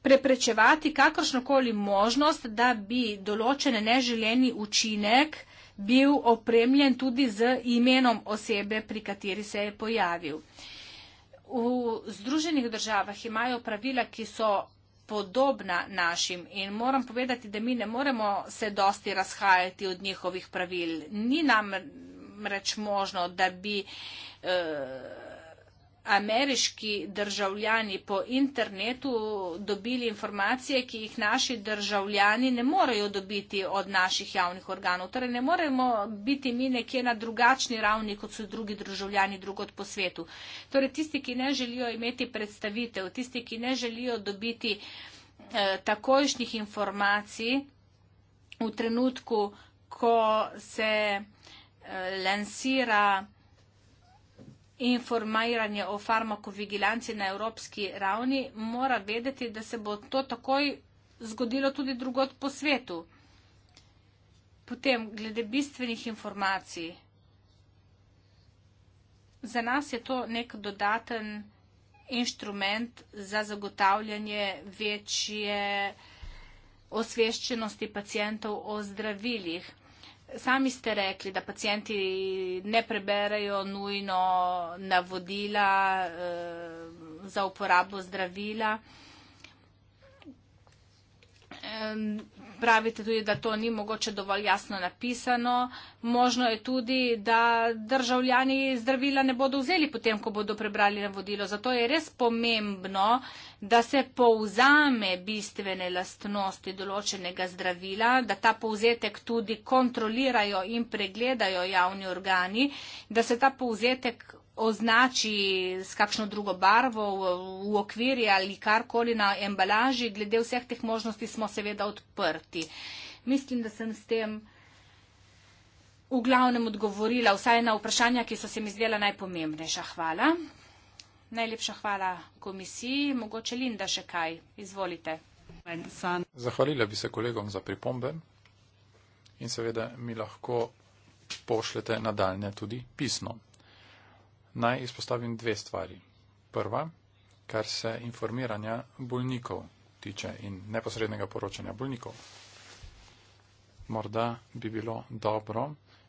preprečevati kakršnokoli možnost, da bi določen neželeni učinek bil opremljen tudi z imenom osebe, pri kateri se je pojavil. V Združenih državah imajo pravila, ki so podobna našim in moram povedati, da mi ne moremo se dosti razhajati od njihovih pravil. Ni nam reč možno, da bi. Uh, ameriški državljani po internetu dobili informacije, ki jih naši državljani ne morejo dobiti od naših javnih organov. Torej ne moremo biti mi nekje na drugačni ravni, kot so drugi državljani drugot po svetu. Torej tisti, ki ne želijo imeti predstavitev, tisti, ki ne želijo dobiti eh, takojšnjih informacij v trenutku, ko se eh, lansira informiranje o farmakovigilanci na evropski ravni, mora vedeti, da se bo to takoj zgodilo tudi drugot po svetu. Potem, glede bistvenih informacij. Za nas je to nek dodaten inštrument za zagotavljanje večje osveščenosti pacijentov o zdravilih. Sami ste rekli, da pacijenti ne preberajo nujno navodila eh, za uporabo zdravila pravite tudi, da to ni mogoče dovolj jasno napisano. Možno je tudi, da državljani zdravila ne bodo vzeli potem, ko bodo prebrali navodilo. Zato je res pomembno, da se povzame bistvene lastnosti določenega zdravila, da ta povzetek tudi kontrolirajo in pregledajo javni organi, da se ta povzetek označi s kakšno drugo barvo v, v okviri ali karkoli na embalaži, glede vseh teh možnosti smo seveda odprti. Mislim, da sem s tem v glavnem odgovorila vsaj na vprašanja, ki so se mi zdela najpomembnejša. Hvala. Najlepša hvala komisiji. Mogoče Linda še kaj. Izvolite. Zahvalila bi se kolegom za pripombe in seveda mi lahko pošljete nadaljne tudi pisno naj izpostavim dve stvari. Prva, kar se informiranja bolnikov tiče in neposrednega poročanja bolnikov. Morda bi bilo dobro,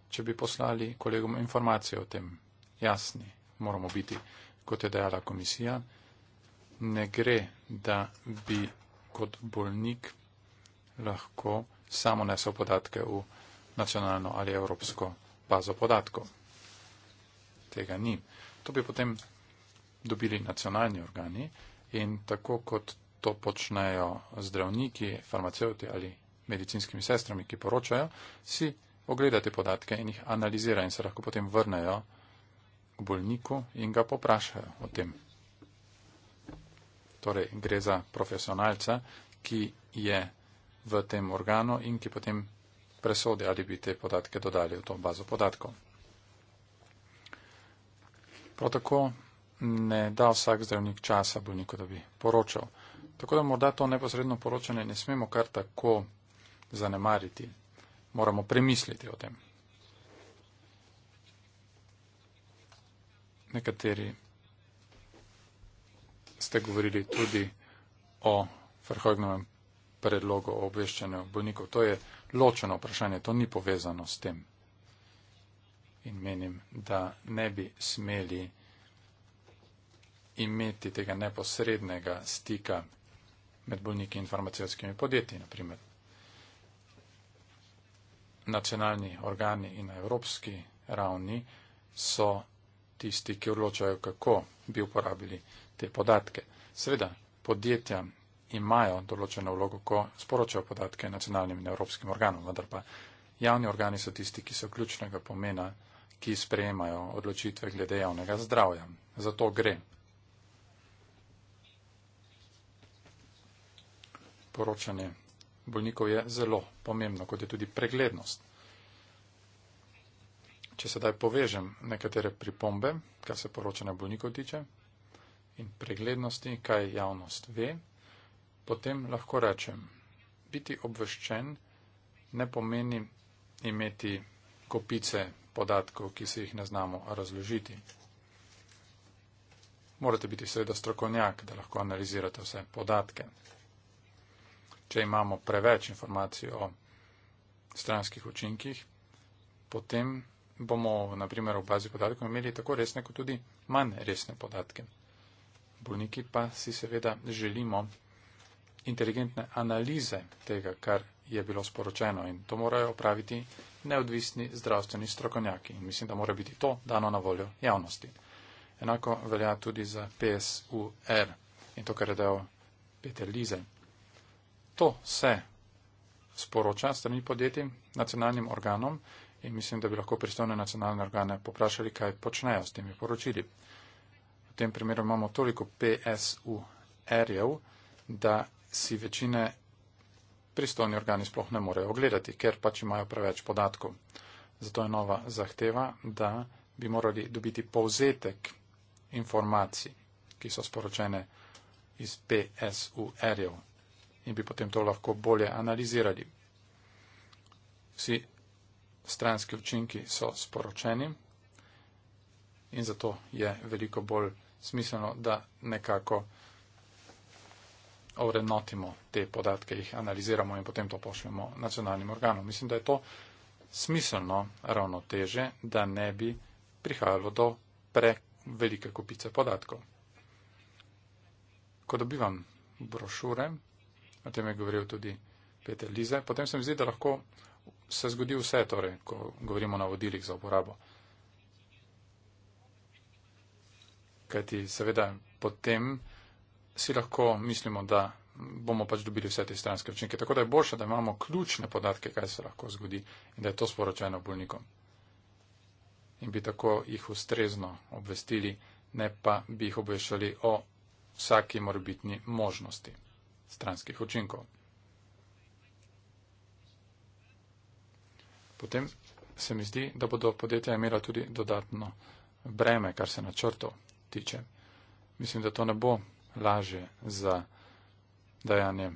če bi poslali kolegom informacije o tem. Jasni moramo biti, kot je dejala komisija. Ne gre, da bi kot bolnik lahko samo nesel podatke v nacionalno ali evropsko bazo podatkov tega ni. To bi potem dobili nacionalni organi in tako kot to počnejo zdravniki, farmacevti ali medicinskimi sestrami, ki poročajo, si ogledate podatke in jih analizira in se lahko potem vrnejo k bolniku in ga poprašajo o tem. Torej, gre za profesionalca, ki je v tem organu in ki potem presodi, ali bi te podatke dodali v to bazo podatkov. Prav tako ne da vsak zdravnik časa bolniku, da bi poročal. Tako da morda to neposredno poročanje ne smemo kar tako zanemariti. Moramo premisliti o tem. Nekateri ste govorili tudi o vrhovnem predlogu o obveščanju bolnikov. To je ločeno vprašanje, to ni povezano s tem in menim, da ne bi smeli imeti tega neposrednega stika med bolniki in farmacijskimi podjetji, naprimer. Nacionalni organi in na evropski ravni so tisti, ki odločajo, kako bi uporabili te podatke. Sveda, podjetja imajo določeno vlogo, ko sporočajo podatke nacionalnim in evropskim organom, vendar pa javni organi so tisti, ki so ključnega pomena ki sprejemajo odločitve glede javnega zdravja. Zato gre. Poročanje bolnikov je zelo pomembno, kot je tudi preglednost. Če sedaj povežem nekatere pripombe, kar se poročanja bolnikov tiče, in preglednosti, kaj javnost ve, potem lahko rečem, biti obveščen ne pomeni imeti kopice podatkov, ki se jih ne znamo razložiti. Morate biti seveda strokovnjak, da lahko analizirate vse podatke. Če imamo preveč informacij o stranskih učinkih, potem bomo naprimer v bazi podatkov imeli tako resne kot tudi manj resne podatke. Bolniki pa si seveda želimo inteligentne analize tega, kar je bilo sporočeno in to morajo praviti neodvisni zdravstveni strokovnjaki in mislim, da mora biti to dano na voljo javnosti. Enako velja tudi za PSUR in to, kar je dejal Peter Lize. To se sporoča strani podjetij nacionalnim organom in mislim, da bi lahko pristojne nacionalne organe poprašali, kaj počnejo s temi poročili. V tem primeru imamo toliko PSUR-jev, da si večine pristojni organi sploh ne morejo ogledati, ker pač imajo preveč podatkov. Zato je nova zahteva, da bi morali dobiti povzetek informacij, ki so sporočene iz PSUR-jev in bi potem to lahko bolje analizirali. Vsi stranski učinki so sporočeni in zato je veliko bolj smiselno, da nekako ovrednotimo te podatke, jih analiziramo in potem to pošljemo nacionalnim organom. Mislim, da je to smiselno ravnoteže, da ne bi prihajalo do prevelike kopice podatkov. Ko dobivam brošure, o tem je govoril tudi Peter Lize, potem se mi zdi, da lahko se zgodi vse, torej, ko govorimo o navodilih za uporabo. Kajti seveda potem si lahko mislimo, da bomo pač dobili vse te stranske učinke. Tako da je boljše, da imamo ključne podatke, kaj se lahko zgodi in da je to sporočeno bolnikom. In bi tako jih ustrezno obvestili, ne pa bi jih obveščali o vsaki morbitni možnosti stranskih učinkov. Potem se mi zdi, da bodo podjetja imela tudi dodatno breme, kar se načrtov tiče. Mislim, da to ne bo lažje za dajanje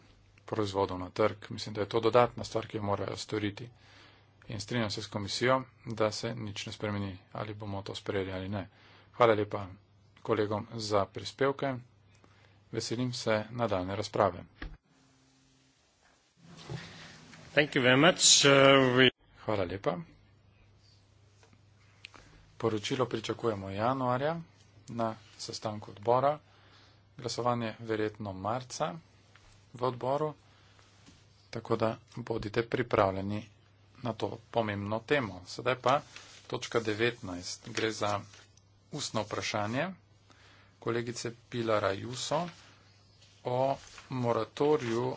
proizvodov na trg. Mislim, da je to dodatna stvar, ki jo morajo storiti. In strinjam se s komisijo, da se nič ne spremeni, ali bomo to sprejeli ali ne. Hvala lepa kolegom za prispevke. Veselim se nadaljne razprave. Uh, Hvala lepa. Poročilo pričakujemo januarja na sestanku odbora glasovanje verjetno marca v odboru, tako da bodite pripravljeni na to pomembno temo. Sedaj pa točka 19. Gre za ustno vprašanje kolegice Pilara Juso o moratorju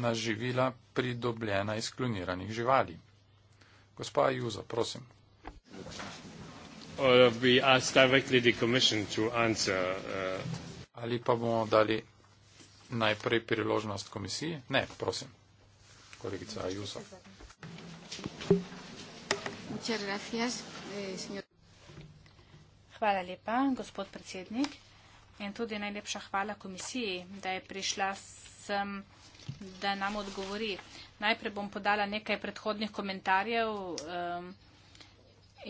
na živila pridobljena iz kloniranih živali. Gospa Juza, prosim. Or uh, have we asked directly the Commission to answer uh, ali pa bomo dali najprej priložnost komisiji? Ne, prosim, kolegica Ajuso. Eh, hvala lepa, gospod predsednik, in tudi najlepša hvala komisiji, da je prišla sem, da nam odgovori. Najprej bom podala nekaj predhodnih komentarjev um,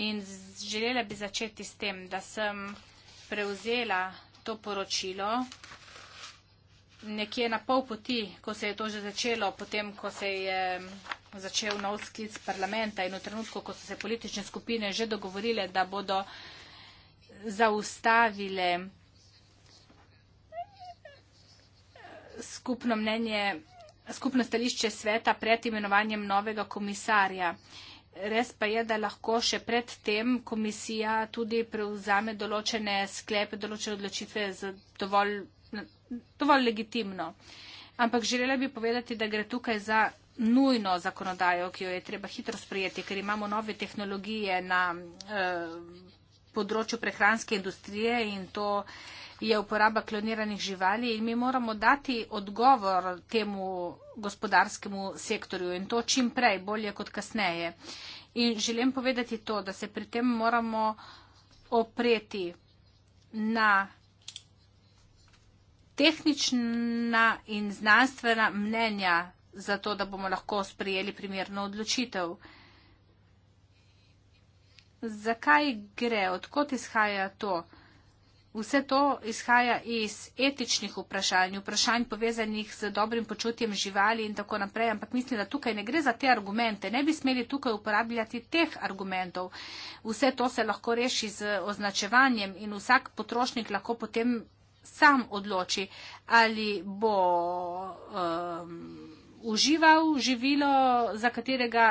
in želela bi začeti s tem, da sem prevzela to poročilo. Nekje na pol poti, ko se je to že začelo, potem, ko se je mm, začel nov sklic parlamenta in v trenutku, ko so se politične skupine že dogovorile, da bodo zaustavile eh, skupno mnenje, skupno stališče sveta pred imenovanjem novega komisarja. Uh, Res pa je, da lahko še pred tem komisija tudi prevzame določene sklepe, določene odločitve za dovolj, dovolj legitimno. Ampak želela bi povedati, da gre tukaj za nujno zakonodajo, ki jo je treba hitro sprejeti, ker imamo nove tehnologije na eh, področju prehranske industrije in to eh, je uporaba kloniranih živali in mi moramo dati odgovor temu gospodarskemu sektorju in to čim prej, bolje kot kasneje. In želim povedati to, da se pri tem moramo opreti na tehnična in znanstvena mnenja za to, da bomo lahko sprejeli primerno odločitev. Zakaj gre, odkot izhaja to? Vse to izhaja iz etičnih vprašanj, vprašanj povezanih z dobrim počutjem živali in tako naprej, ampak mislim, da tukaj ne gre za te argumente. Ne bi smeli tukaj uporabljati teh argumentov. Vse to se lahko reši z označevanjem in vsak potrošnik lahko potem sam odloči, ali bo um, užival živilo, za katerega,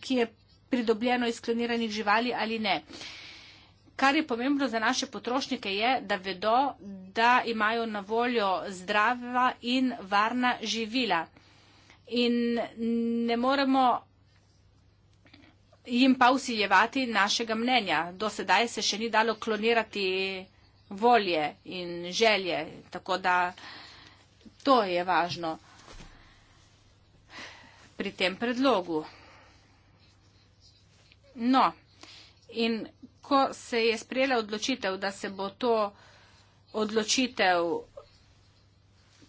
ki je pridobljeno iz kloniranih živali ali ne. Uh, kar je pomembno za naše potrošnike, je, da vedo, da imajo na voljo zdrava in varna živila. In ne moremo jim pa usiljevati našega mnenja. Do sedaj se še ni dalo klonirati volje in želje. Tako da to je važno pri tem predlogu. No, in ko se je sprejela odločitev, da se bo to odločitev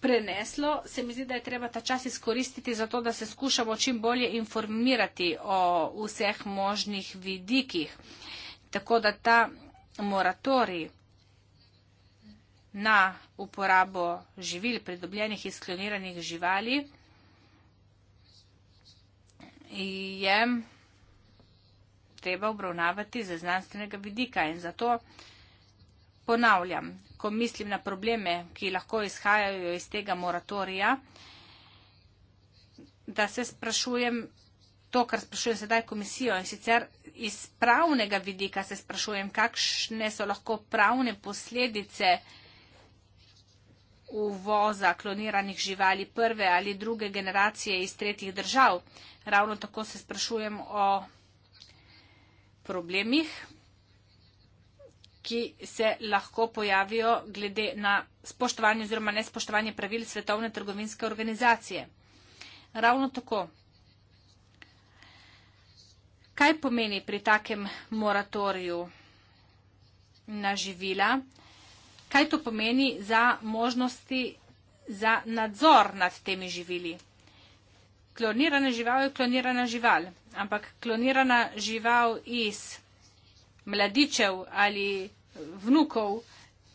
preneslo, se mi zdi, da je treba ta čas izkoristiti za to, da se skušamo čim bolje informirati o vseh možnih vidikih. Tako da ta moratori na uporabo živil pridobljenih iz kloniranih živali je treba obravnavati za znanstvenega vidika in zato ponavljam, ko mislim na probleme, ki lahko izhajajo iz tega moratorija, da se sprašujem to, kar sprašujem sedaj komisijo in sicer iz pravnega vidika se sprašujem, kakšne so lahko pravne posledice uvoza kloniranih živali prve ali druge generacije iz tretjih držav. Ravno tako se sprašujem o problemih, ki se lahko pojavijo glede na spoštovanje oziroma nespoštovanje pravil Svetovne trgovinske organizacije. Ravno tako. Kaj pomeni pri takem moratoriju na živila? Kaj to pomeni za možnosti za nadzor nad temi živili? Klonirana žival je klonirana žival ampak klonirana žival iz mladičev ali vnukov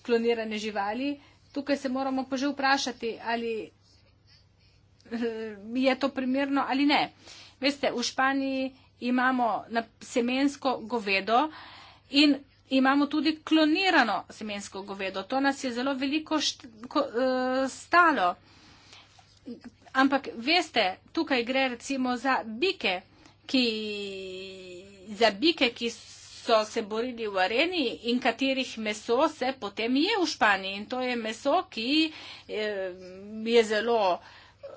klonirane živali, tukaj se moramo pa že vprašati, ali eh, je to primerno ali ne. Veste, v Španiji imamo semensko govedo in imamo tudi klonirano semensko govedo. To nas je zelo veliko eh, stalo. Ampak veste, tukaj gre recimo za bike ki za bike, ki so se borili v areni in katerih meso se potem je v Španiji. In to je meso, ki eh, je zelo eh,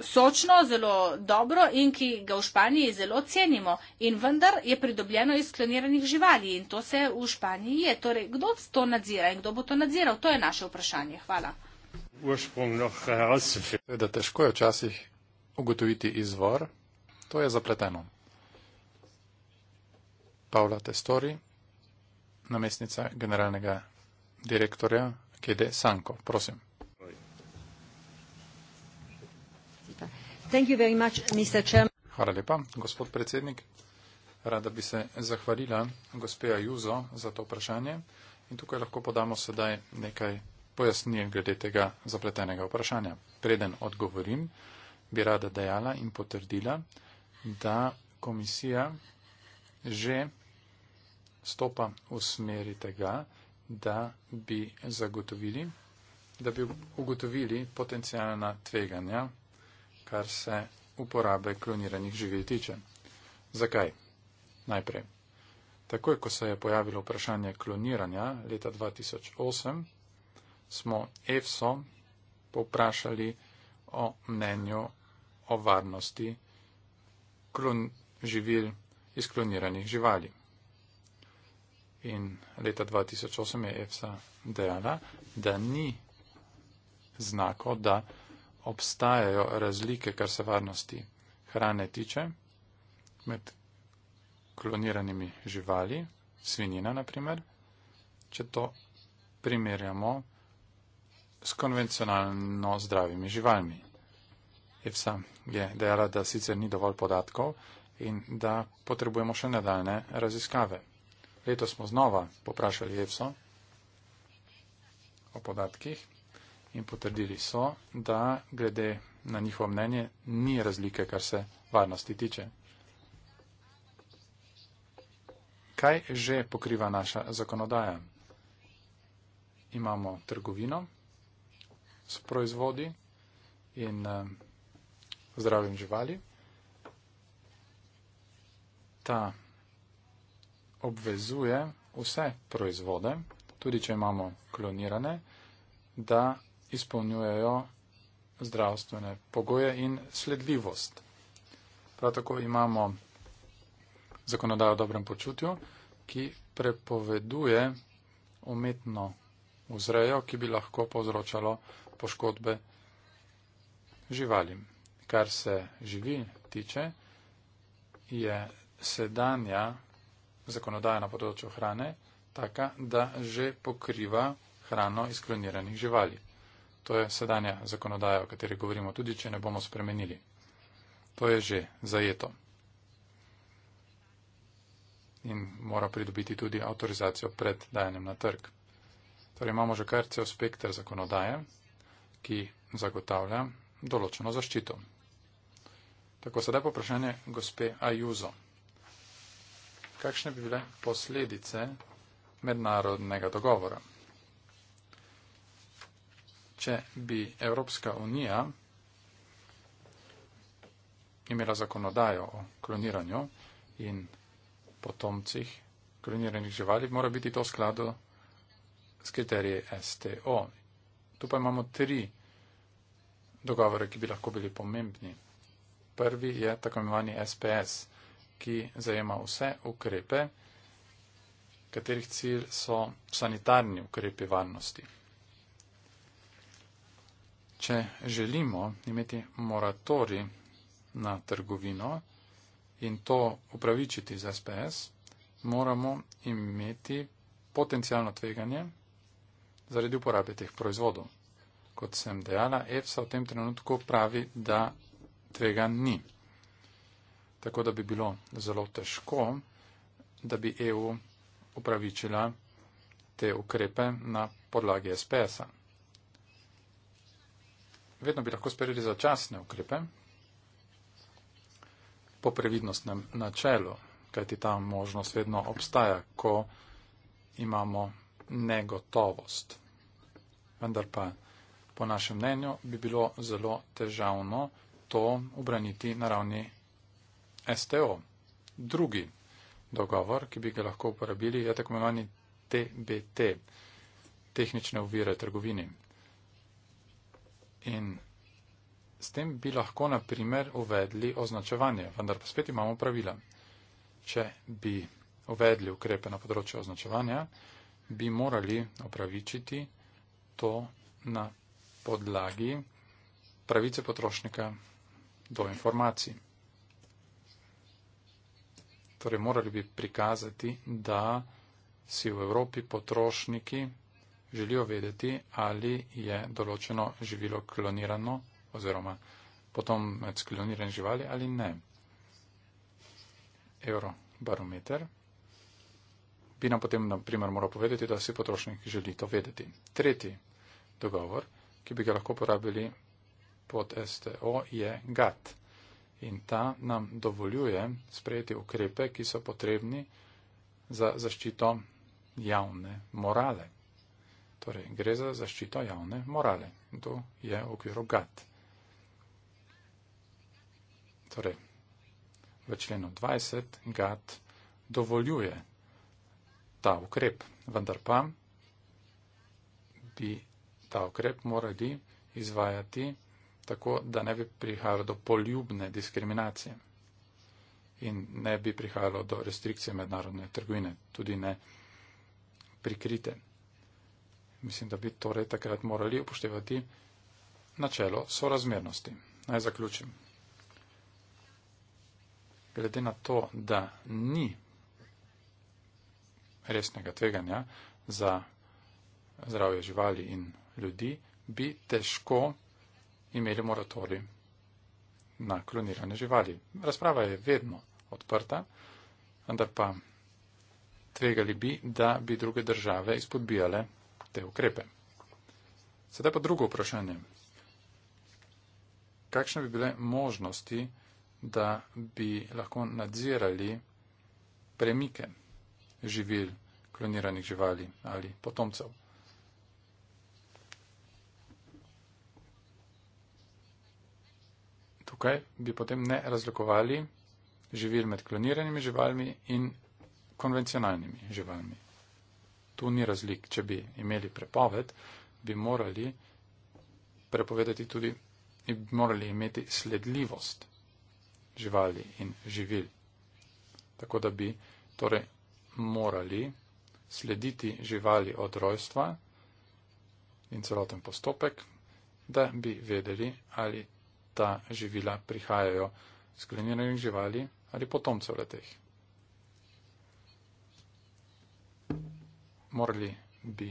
sočno, zelo dobro in ki ga v Španiji zelo cenimo. In vendar je pridobljeno iz skloniranih živali in to se v Španiji je. Torej, kdo to nadzira in kdo bo to nadziral? To je naše vprašanje. Hvala. Da težko je včasih ugotoviti izvor, to je zapleteno. Paula Testori, namestnica generalnega direktorja GD Sanko, prosim. Hvala lepa, gospod predsednik. Rada bi se zahvalila gospeja Juzo za to vprašanje in tukaj lahko podamo sedaj nekaj pojasnil glede tega zapletenega vprašanja. Preden odgovorim, bi rada dejala in potrdila, da komisija že stopa v smeri tega, da bi zagotovili, da bi ugotovili potencijalna tveganja, kar se uporabe kloniranih živil tiče. Zakaj? Najprej. Takoj, ko se je pojavilo vprašanje kloniranja leta 2008, smo EFSO povprašali o mnenju o varnosti klon, živil iz kloniranih živali. In leta 2008 je EFSA dejala, da ni znako, da obstajajo razlike, kar se varnosti hrane tiče, med kloniranimi živali, svinjina naprimer, če to primerjamo s konvencionalno zdravimi živalmi. EFSA je dejala, da sicer ni dovolj podatkov in da potrebujemo še nadaljne raziskave. Leto smo znova poprašali EFSO o podatkih in potrdili so, da glede na njihovo mnenje ni razlike, kar se varnosti tiče. Kaj že pokriva naša zakonodaja? Imamo trgovino s proizvodi in uh, zdravjem živali. Ta obvezuje vse proizvode, tudi če imamo klonirane, da izpolnjujejo zdravstvene pogoje in sledljivost. Prav tako imamo zakonodajo o dobrem počutju, ki prepoveduje umetno vzrejo, ki bi lahko povzročalo poškodbe živalim kar se živi tiče, je sedanja zakonodaja na področju hrane taka, da že pokriva hrano iz kloniranih živali. To je sedanja zakonodaja, o kateri govorimo, tudi če ne bomo spremenili. To je že zajeto. In mora pridobiti tudi avtorizacijo pred dajanjem na trg. Torej imamo že kar cel spektr zakonodaje, ki zagotavlja določeno zaščito. Tako sedaj pa vprašanje gospe Ajuzo. Kakšne bi bile posledice mednarodnega dogovora? Če bi Evropska unija imela zakonodajo o kloniranju in potomcih kloniranih živali, mora biti to v skladu s kriteriji STO. Tu pa imamo tri dogovore, ki bi lahko bili pomembni. Prvi je tako imenovani SPS, ki zajema vse ukrepe, katerih cilj so sanitarni ukrepi varnosti. Če želimo imeti moratori na trgovino in to upravičiti z SPS, moramo imeti potencijalno tveganje zaradi uporabe teh proizvodov. Kot sem dejala, EFSA v tem trenutku pravi, da tvega ni. Tako da bi bilo zelo težko, da bi EU upravičila te ukrepe na podlagi SPS-a. Vedno bi lahko sprejeli začasne ukrepe po previdnostnem načelu, kajti ta možnost vedno obstaja, ko imamo negotovost. Vendar pa po našem mnenju bi bilo zelo težavno, to obraniti na ravni STO. Drugi dogovor, ki bi ga lahko uporabili, je tako imenovani TBT, tehnične uvire trgovini. In s tem bi lahko, na primer, uvedli označevanje, vendar pa spet imamo pravila. Če bi uvedli ukrepe na področju označevanja, bi morali opravičiti to na podlagi pravice potrošnika do informacij. Torej, morali bi prikazati, da si v Evropi potrošniki želijo vedeti, ali je določeno živilo klonirano oziroma potom med skloniranjem živali ali ne. Eurobarometer bi nam potem, na primer, moral povedati, da si potrošnik želi to vedeti. Tretji dogovor, ki bi ga lahko porabili pod STO je GAT. In ta nam dovoljuje sprejeti ukrepe, ki so potrebni za zaščito javne morale. Torej, gre za zaščito javne morale. Tu je v okviru GAT. Torej, v členu 20 GAT dovoljuje ta ukrep, vendar pa bi ta ukrep morali izvajati tako da ne bi prihajalo do poljubne diskriminacije in ne bi prihajalo do restrikcije mednarodne trgovine, tudi ne prikrite. Mislim, da bi torej takrat morali upoštevati načelo sorazmernosti. Naj zaključim. Glede na to, da ni resnega tveganja za zdravje živali in ljudi, bi težko imeli moratorij na kloniranje živali. Razprava je vedno odprta, vendar pa tvegali bi, da bi druge države izpodbijale te ukrepe. Sedaj pa drugo vprašanje. Kakšne bi bile možnosti, da bi lahko nadzirali premike živil, kloniranih živali ali potomcev? tukaj bi potem ne razlikovali živil med kloniranimi živalmi in konvencionalnimi živalmi. Tu ni razlik. Če bi imeli prepoved, bi morali prepovedati tudi in bi morali imeti sledljivost živali in živil. Tako da bi torej morali slediti živali od rojstva in celoten postopek, da bi vedeli, ali ta živila prihajajo iz kloniranih živali ali potomcev leteh. Morali bi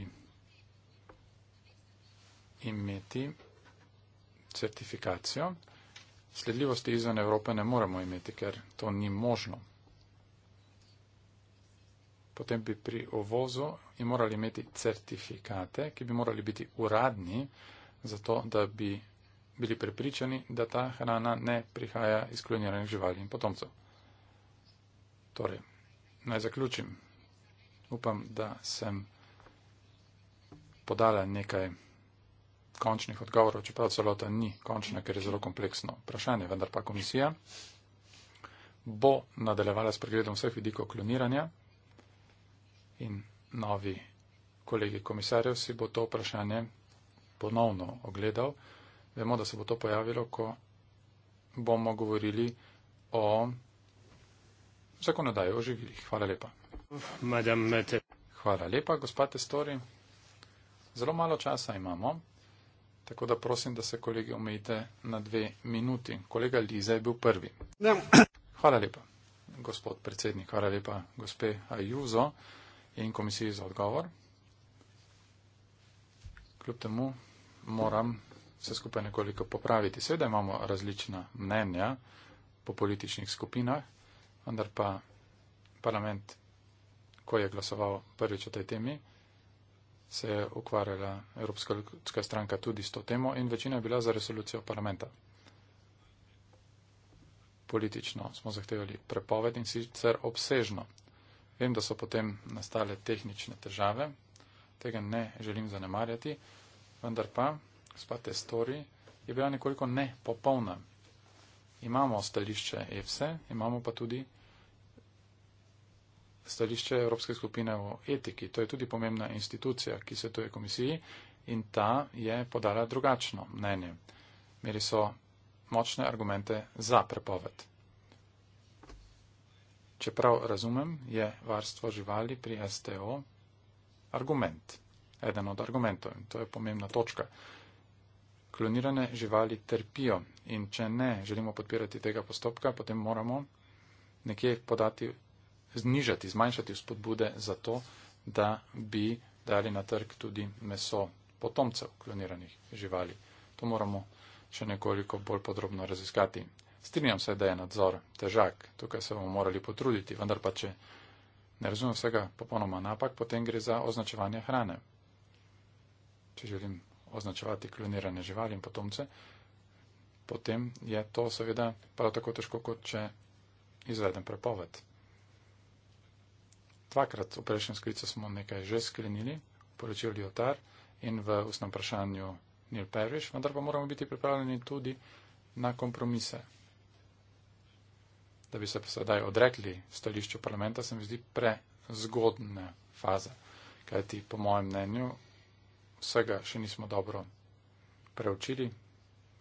imeti certifikacijo. Sledljivosti izven Evrope ne moremo imeti, ker to ni možno. Potem bi pri ovozu morali imeti certifikate, ki bi morali biti uradni, zato da bi bili prepričani, da ta hrana ne prihaja iz kloniranih živali in potomcev. Torej, naj zaključim. Upam, da sem podala nekaj končnih odgovorov, čeprav celota ni končna, ker je zelo kompleksno vprašanje, vendar pa komisija bo nadaljevala s pregledom vseh vidikov kloniranja in novi kolegi komisarjev si bo to vprašanje ponovno ogledal. Vemo, da se bo to pojavilo, ko bomo govorili o zakonodaji o živilih. Hvala lepa. Hvala lepa, gospod Testori. Zelo malo časa imamo, tako da prosim, da se kolegi omejite na dve minuti. Kolega Liza je bil prvi. Ja. Hvala lepa, gospod predsednik. Hvala lepa, gospe Ajuzo in komisiji za odgovor. Kljub temu moram vse skupaj nekoliko popraviti. Seveda imamo različna mnenja po političnih skupinah, vendar pa parlament, ko je glasoval prvič o tej temi, se je ukvarjala Evropska ljudska stranka tudi s to temo in večina je bila za resolucijo parlamenta. Politično smo zahtevali prepoved in sicer obsežno. Vem, da so potem nastale tehnične težave, tega ne želim zanemarjati, vendar pa gospa Testori, je bila nekoliko nepopolna. Imamo stališče EFSE, e, imamo pa tudi stališče Evropske skupine o etiki. To je tudi pomembna institucija, ki se tuje komisiji in ta je podala drugačno mnenje. Meri so močne argumente za prepoved. Čeprav razumem, je varstvo živali pri STO argument, eden od argumentov in to je pomembna točka klonirane živali trpijo. In če ne želimo podpirati tega postopka, potem moramo nekje podati, znižati, zmanjšati vzpodbude za to, da bi dali na trg tudi meso potomcev kloniranih živali. To moramo še nekoliko bolj podrobno raziskati. Strinjam se, da je nadzor težak, tukaj se bomo morali potruditi, vendar pa če ne razumem vsega popolnoma napak, potem gre za označevanje hrane. Če želim označevati klonirane živali in potomce, potem je to seveda prav tako težko, kot če izvedem prepoved. Dvakrat v prejšnjem sklicu smo nekaj že sklenili, poročil Liotar in v ustnem vprašanju Neil Parrish, vendar pa moramo biti pripravljeni tudi na kompromise. Da bi se sedaj odrekli stališču parlamenta, se mi zdi prezgodna faza. Kajti, po mojem mnenju, vsega še nismo dobro preučili.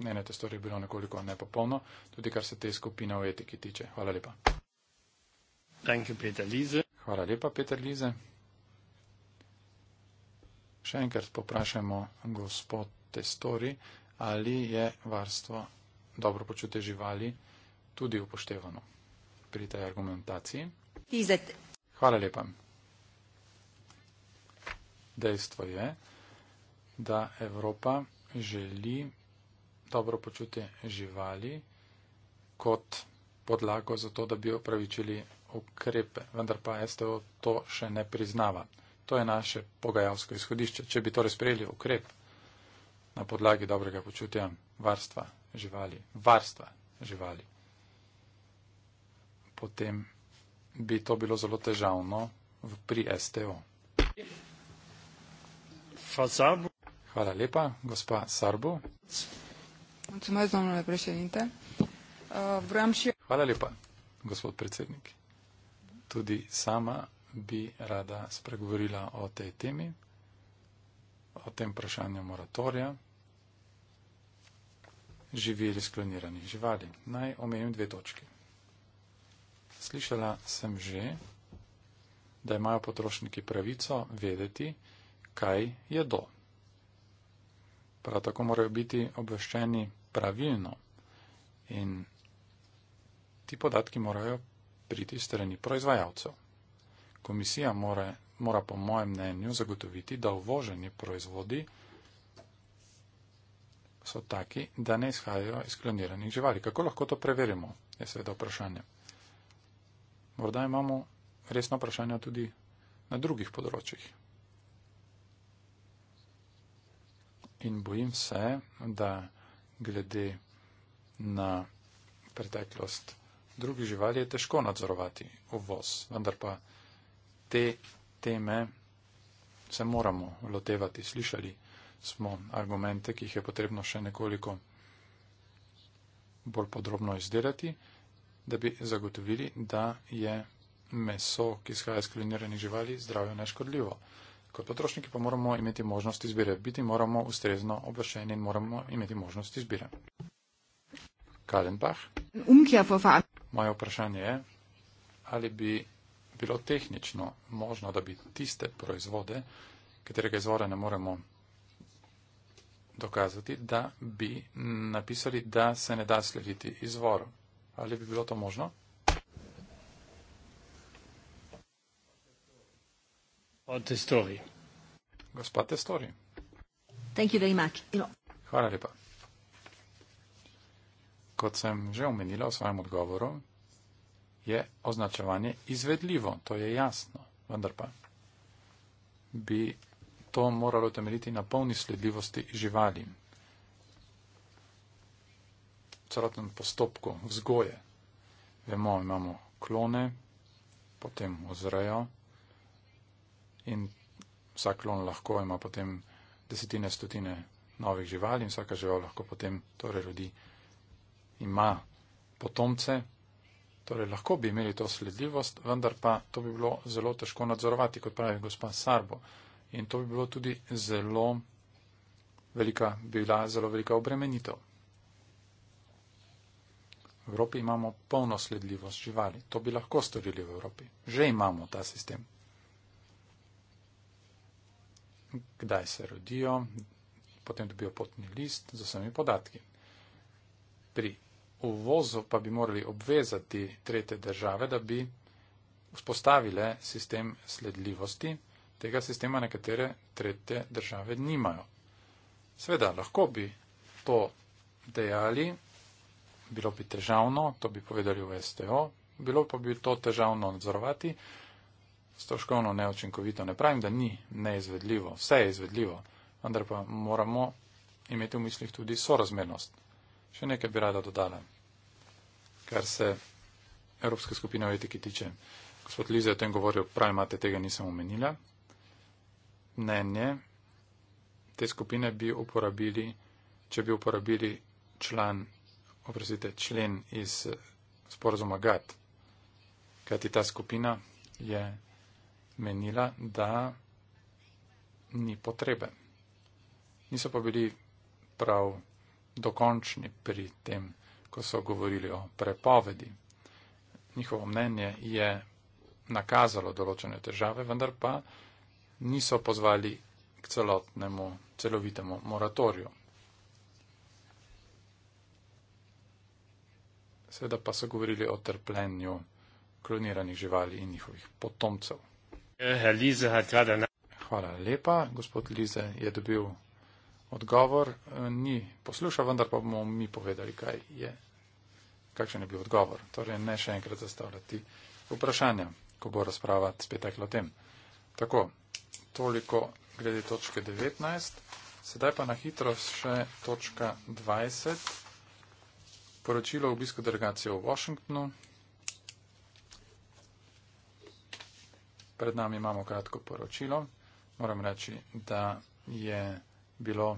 Njene testori je bilo nekoliko nepopolno, tudi kar se te skupine v etiki tiče. Hvala lepa. You, Hvala lepa, Peter Lize. Še enkrat poprašajmo gospod testori, ali je varstvo dobro počute živali tudi upoštevano pri tej argumentaciji. Hvala lepa. Dejstvo je, da Evropa želi dobro počutje živali kot podlago za to, da bi opravičili ukrepe, vendar pa STO to še ne priznava. To je naše pogajalsko izhodišče. Če bi torej sprejeli ukrep na podlagi dobrega počutja varstva živali, varstva živali, potem bi to bilo zelo težavno pri STO. Fazabu. Hvala lepa. Gospa Sarbo. Mulțumesc, domnule președinte. Uh, vreau și... Hvala lepa, gospod predsednik. Tudi sama bi rada spregovorila o tej temi, o tem vprašanju moratorija živili skloniranih živali. Naj omejim dve točke. Slišala sem že, da imajo potrošniki pravico vedeti, kaj jedo. Prav tako morajo biti obveščeni pravilno in ti podatki morajo priti strani proizvajalcev. Komisija mora, mora po mojem mnenju zagotoviti, da uvoženi proizvodi so taki, da ne izhajajo iz kloniranih živali. Kako lahko to preverimo? Je seveda vprašanje. Morda imamo resno vprašanje tudi na drugih področjih. in bojim se, da glede na preteklost drugih živali je težko nadzorovati uvoz. Vendar pa te teme se moramo lotevati. Slišali smo argumente, ki jih je potrebno še nekoliko bolj podrobno izdelati, da bi zagotovili, da je meso, ki izhaja iz kliniranih živali, zdravje neškodljivo. Kot potrošniki pa moramo imeti možnost izbire. Biti moramo ustrezno obveščeni in moramo imeti možnost izbire. Kalenbach. Moje vprašanje je, ali bi bilo tehnično možno, da bi tiste proizvode, katerega izvora ne moremo dokazati, da bi napisali, da se ne da slediti izvoru. Ali bi bilo to možno? Testori. Gospa Testori. Thank you very much. You know. Hvala lepa. Kot sem že omenila v svojem odgovoru, je označevanje izvedljivo, to je jasno, vendar pa bi to moralo temeljiti na polni sledljivosti živali, celoten postopku vzgoje. Vemo, imamo klone, potem vzrejo, in vsak klon lahko ima potem desetine, stotine novih živali in vsaka žival lahko potem torej rodi, ima potomce, torej lahko bi imeli to sledljivost, vendar pa to bi bilo zelo težko nadzorovati, kot pravi gospa Sarbo. In to bi bilo tudi zelo velika, bila zelo velika obremenitev. V Evropi imamo polno sledljivost živali. To bi lahko storili v Evropi. Že imamo ta sistem kdaj se rodijo, potem dobijo potni list z vsemi podatki. Pri uvozu pa bi morali obvezati trete države, da bi vzpostavile sistem sledljivosti. Tega sistema nekatere trete države nimajo. Sveda, lahko bi to dejali, bilo bi težavno, to bi povedali v STO, bilo pa bi to težavno nadzorovati, stroškovno neočinkovito. Ne pravim, da ni neizvedljivo, vse je izvedljivo, vendar pa moramo imeti v mislih tudi sorazmernost. Še nekaj bi rada dodala, kar se Evropske skupine o etiki tiče. Gospod Lize je o tem govoril, pravi imate, tega nisem omenila. Mnenje te skupine bi uporabili, če bi uporabili član, oprostite, člen iz sporazuma GAT, kajti ta skupina je menila, da ni potrebe. Niso pa bili prav dokončni pri tem, ko so govorili o prepovedi. Njihovo mnenje je nakazalo določene težave, vendar pa niso pozvali k celotnemu, celovitemu moratoriju. Seveda pa so govorili o trpljenju kloniranih živali in njihovih potomcev. Eh, Lize hat gerade Hvala lepa. Gospod Lize je dobil odgovor. Eh, ni poslušal, vendar pa bomo mi povedali, kaj je. Kakšen je bil odgovor? Torej, ne še enkrat zastavljati vprašanja, ko bo razprava spet tekla o tem. Tako, toliko glede točke 19. Sedaj pa na hitro še točka 20. Poročilo obisko delegacije v Washingtonu. Pred nami imamo kratko poročilo. Moram reči, da je bilo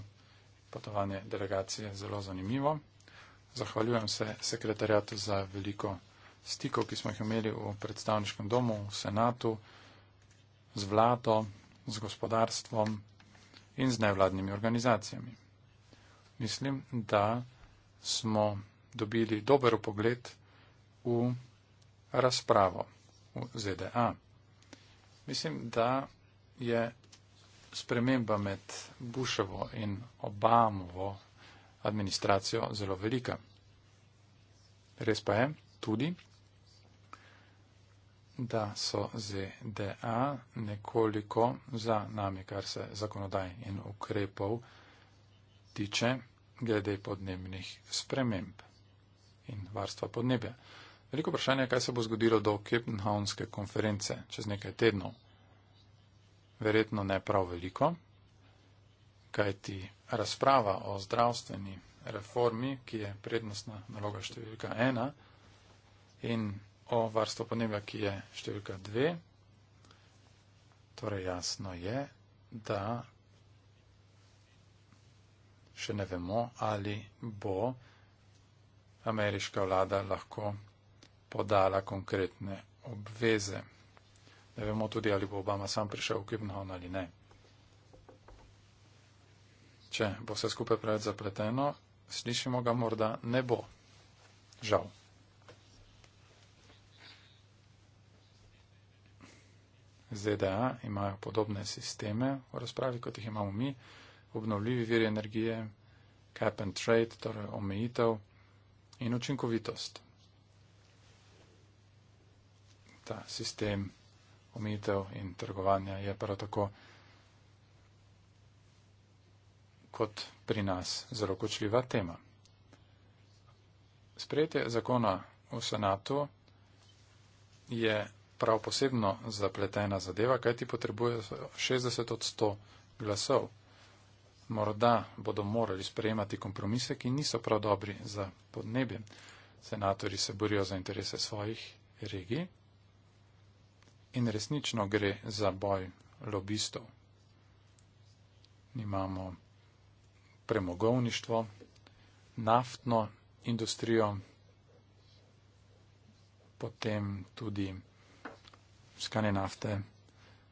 potovanje delegacije zelo zanimivo. Zahvaljujem se sekretarjatu za veliko stikov, ki smo jih imeli v predstavniškem domu, v senatu, z vlado, z gospodarstvom in z nevladnimi organizacijami. Mislim, da smo dobili dober pogled v razpravo v ZDA. Mislim, da je sprememba med Bushovo in Obamovo administracijo zelo velika. Res pa je tudi, da so ZDA nekoliko za nami, kar se zakonodaj in ukrepov tiče glede podnebnih sprememb in varstva podnebja. Veliko vprašanje je, kaj se bo zgodilo do Kepenhavnske konference čez nekaj tednov. Verjetno ne prav veliko, kajti razprava o zdravstveni reformi, ki je prednostna naloga številka ena in o varstvo podnebja, ki je številka dve, torej jasno je, da še ne vemo, ali bo ameriška vlada lahko podala konkretne obveze. Ne vemo tudi, ali bo Obama sam prišel v Kibnhon ali ne. Če bo vse skupaj preveč zapleteno, slišimo ga morda ne bo. Žal. ZDA imajo podobne sisteme v razpravi, kot jih imamo mi, obnovljivi viri energije, cap and trade, torej omejitev in učinkovitost ta sistem omitev in trgovanja je prav tako kot pri nas zelo kočljiva tema. Sprejetje zakona v senatu je prav posebno zapletena zadeva, kaj ti potrebuje 60 od 100 glasov. Morda bodo morali sprejemati kompromise, ki niso prav dobri za podnebje. Senatori se borijo za interese svojih regij, in resnično gre za boj lobistov. Imamo premogovništvo, naftno industrijo, potem tudi skanje nafte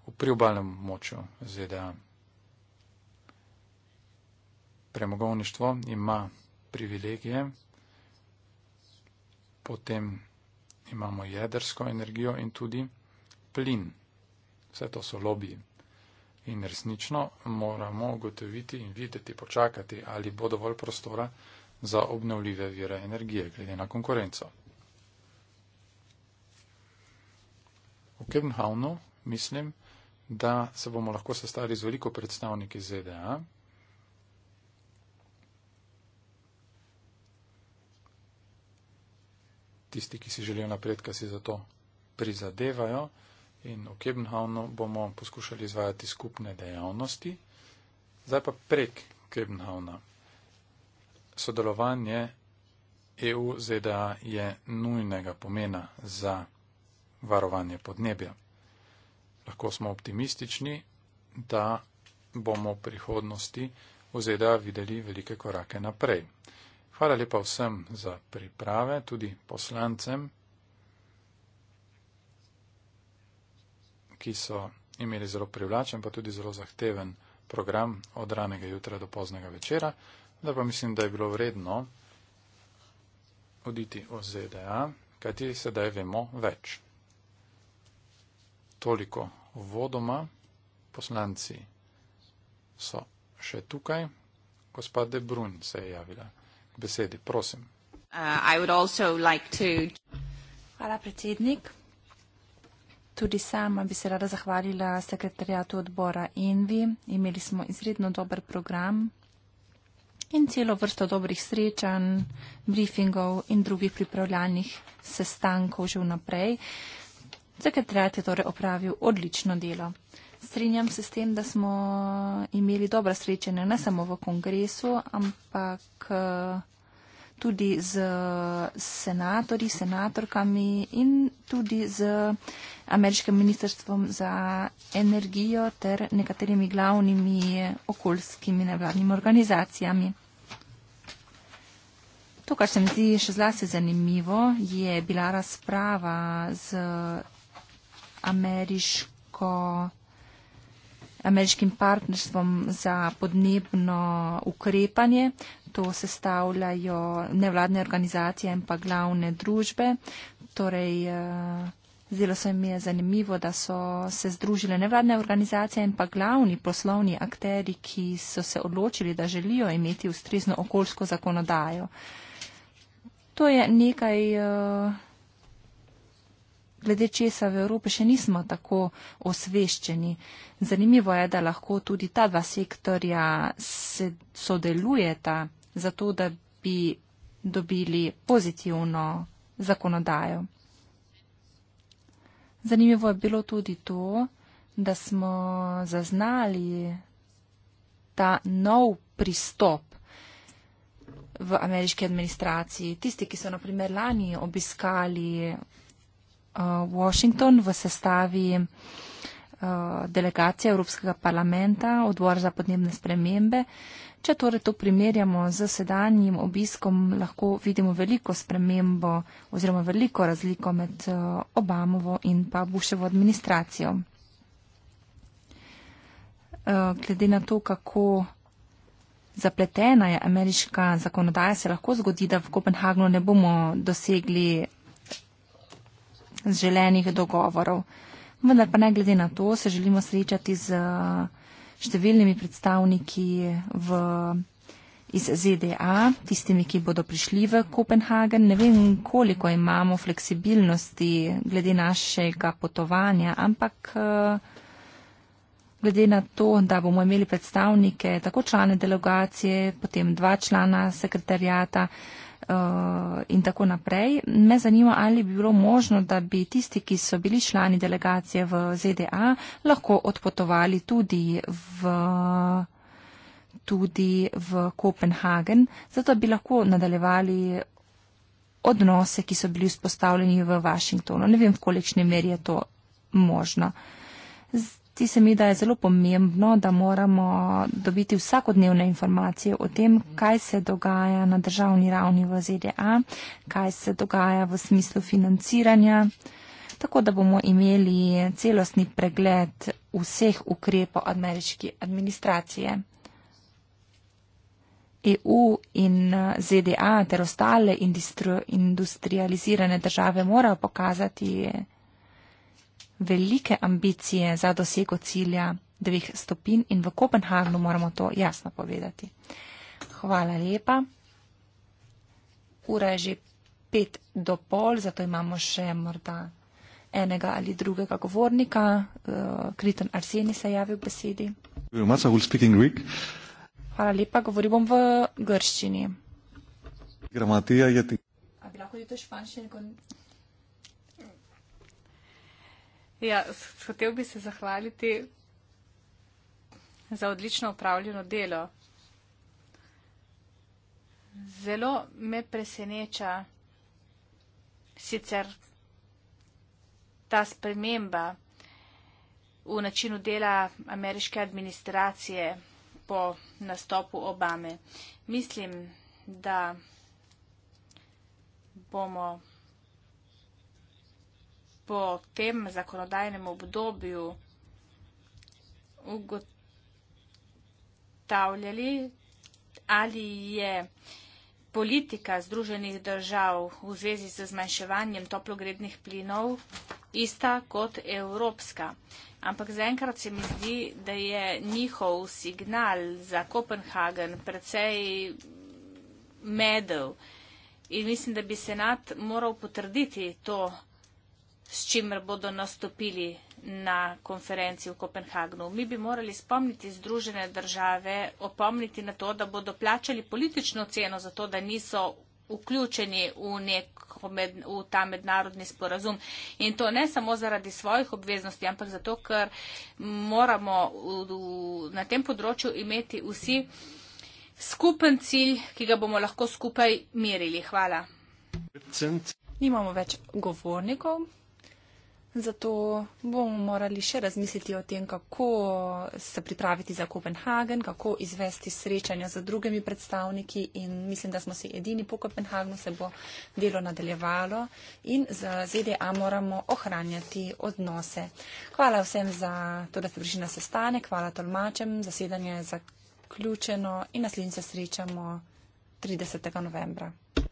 v priobalnem moču ZDA. Premogovništvo ima privilegije, potem imamo jedrsko energijo in tudi plin. Vse to so lobiji. In resnično moramo ugotoviti in videti, počakati, ali bo dovolj prostora za obnovljive vire energije, glede na konkurenco. V Kevnhavnu mislim, da se bomo lahko sestali z veliko predstavniki ZDA. Tisti, ki si želijo napredka, si zato prizadevajo in v Kebnhavnu bomo poskušali izvajati skupne dejavnosti. Zdaj pa prek Kebnhavna. Sodelovanje EU ZDA je nujnega pomena za varovanje podnebja. Lahko smo optimistični, da bomo v prihodnosti v ZDA videli velike korake naprej. Hvala lepa vsem za priprave, tudi poslancem. ki so imeli zelo privlačen, pa tudi zelo zahteven program od ranega jutra do poznega večera, da pa mislim, da je bilo vredno oditi v ZDA, kajti sedaj vemo več. Toliko vodoma, poslanci so še tukaj. Gospa De Brun se je javila besedi, prosim. Uh, like to... Hvala predsednik. Tudi sama bi se rada zahvalila sekretarjatu odbora Envi. Imeli smo izredno dober program in celo vrsto dobrih srečanj, briefingov in drugih pripravljalnih sestankov že vnaprej. Sekretarjat je torej opravil odlično delo. Strinjam se s tem, da smo imeli dobra srečanja ne samo v kongresu, ampak tudi z senatorji, senatorkami in tudi z Ameriškim ministrstvom za energijo ter nekaterimi glavnimi okoljskimi nevladnimi organizacijami. To, kar se mi zdi še zlasti zanimivo, je bila razprava z ameriško, ameriškim partnerstvom za podnebno ukrepanje, to sestavljajo nevladne organizacije in pa glavne družbe. Torej, eh, zelo se mi je zanimivo, da so se združile nevladne organizacije in pa glavni poslovni akteri, ki so se odločili, da želijo imeti ustrezno okoljsko zakonodajo. To je nekaj, eh, glede česa v Evropi še nismo tako osveščeni. Zanimivo je, da lahko tudi ta dva sektorja sodelujeta za to, da bi dobili pozitivno zakonodajo. Zanimivo je bilo tudi to, da smo zaznali ta nov pristop v ameriški administraciji. Tisti, ki so naprimer lani obiskali uh, Washington v sestavi uh, delegacije Evropskega parlamenta, odbor za podnebne spremembe, uh, Če torej to primerjamo z sedanjim obiskom, lahko vidimo veliko spremembo oziroma veliko razliko med eh, Obamovo in pa Buševo administracijo. Eh, glede na to, kako zapletena je ameriška zakonodaja, se lahko zgodi, da v Kopenhagnu ne bomo dosegli želenih dogovorov. Vendar pa ne glede na to, se želimo srečati z številnimi predstavniki v, iz ZDA, tistimi, ki bodo prišli v Kopenhagen. Ne vem, koliko imamo fleksibilnosti glede našega potovanja, ampak eh, glede na to, da bomo imeli predstavnike, tako člane delegacije, potem dva člana sekretarjata, Eh, in tako naprej. Me zanima, ali bi bilo možno, da bi tisti, ki so bili člani delegacije v ZDA, lahko odpotovali tudi v tudi v Kopenhagen, zato bi lahko nadaljevali odnose, ki so bili vzpostavljeni v Washingtonu. Ne vem, v kolikšni meri je to možno. Ti se mi da je zelo pomembno, da moramo dobiti vsakodnevne informacije o tem, kaj se dogaja na državni ravni v ZDA, kaj se dogaja v smislu financiranja, tako da bomo imeli celostni pregled vseh ukrepov ameriške administracije. EU in uh, ZDA ter ostale industrializirane države morajo pokazati, velike ambicije za dosego cilja dveh stopin in v Kopenhagnu moramo to jasno povedati. Hvala lepa. Ura je že pet do pol, zato imamo še morda enega ali drugega govornika. Eh, Kriton Arseni se javi v besedi. Hvala lepa, govorim bom v grščini. Gramatija je ti. A bi lahko jutro španščini? Ja, hotel bi se zahvaliti za odlično upravljeno delo. Zelo me preseneča sicer ta sprememba v načinu dela ameriške administracije po nastopu Obame. Mislim, da bomo po tem zakonodajnem obdobju ugotavljali, ali je politika Združenih držav v zvezi z zmanjševanjem toplogrednih plinov ista kot evropska. Ampak zaenkrat se mi zdi, da je njihov signal za Kopenhagen precej medel. In mislim, da bi senat moral potrditi to s čimer bodo nastopili na konferenci v Kopenhagnu. Mi bi morali spomniti Združene države, opomniti na to, da bodo plačali politično ceno za to, da niso vključeni v, med, v ta mednarodni sporazum. In to ne samo zaradi svojih obveznosti, ampak zato, ker moramo v, v, na tem področju imeti vsi skupen cilj, ki ga bomo lahko skupaj merili. Hvala. Nimamo več govornikov. Zato bomo morali še razmisliti o tem, kako se pripraviti za Kopenhagen, kako izvesti srečanja z drugimi predstavniki in mislim, da smo si edini po Kopenhagnu, se bo delo nadaljevalo in z ZDA moramo ohranjati odnose. Hvala vsem za to, da ste prišli na sestanek, hvala tolmačem, zasedanje je zaključeno in naslednjič se srečamo 30. novembra.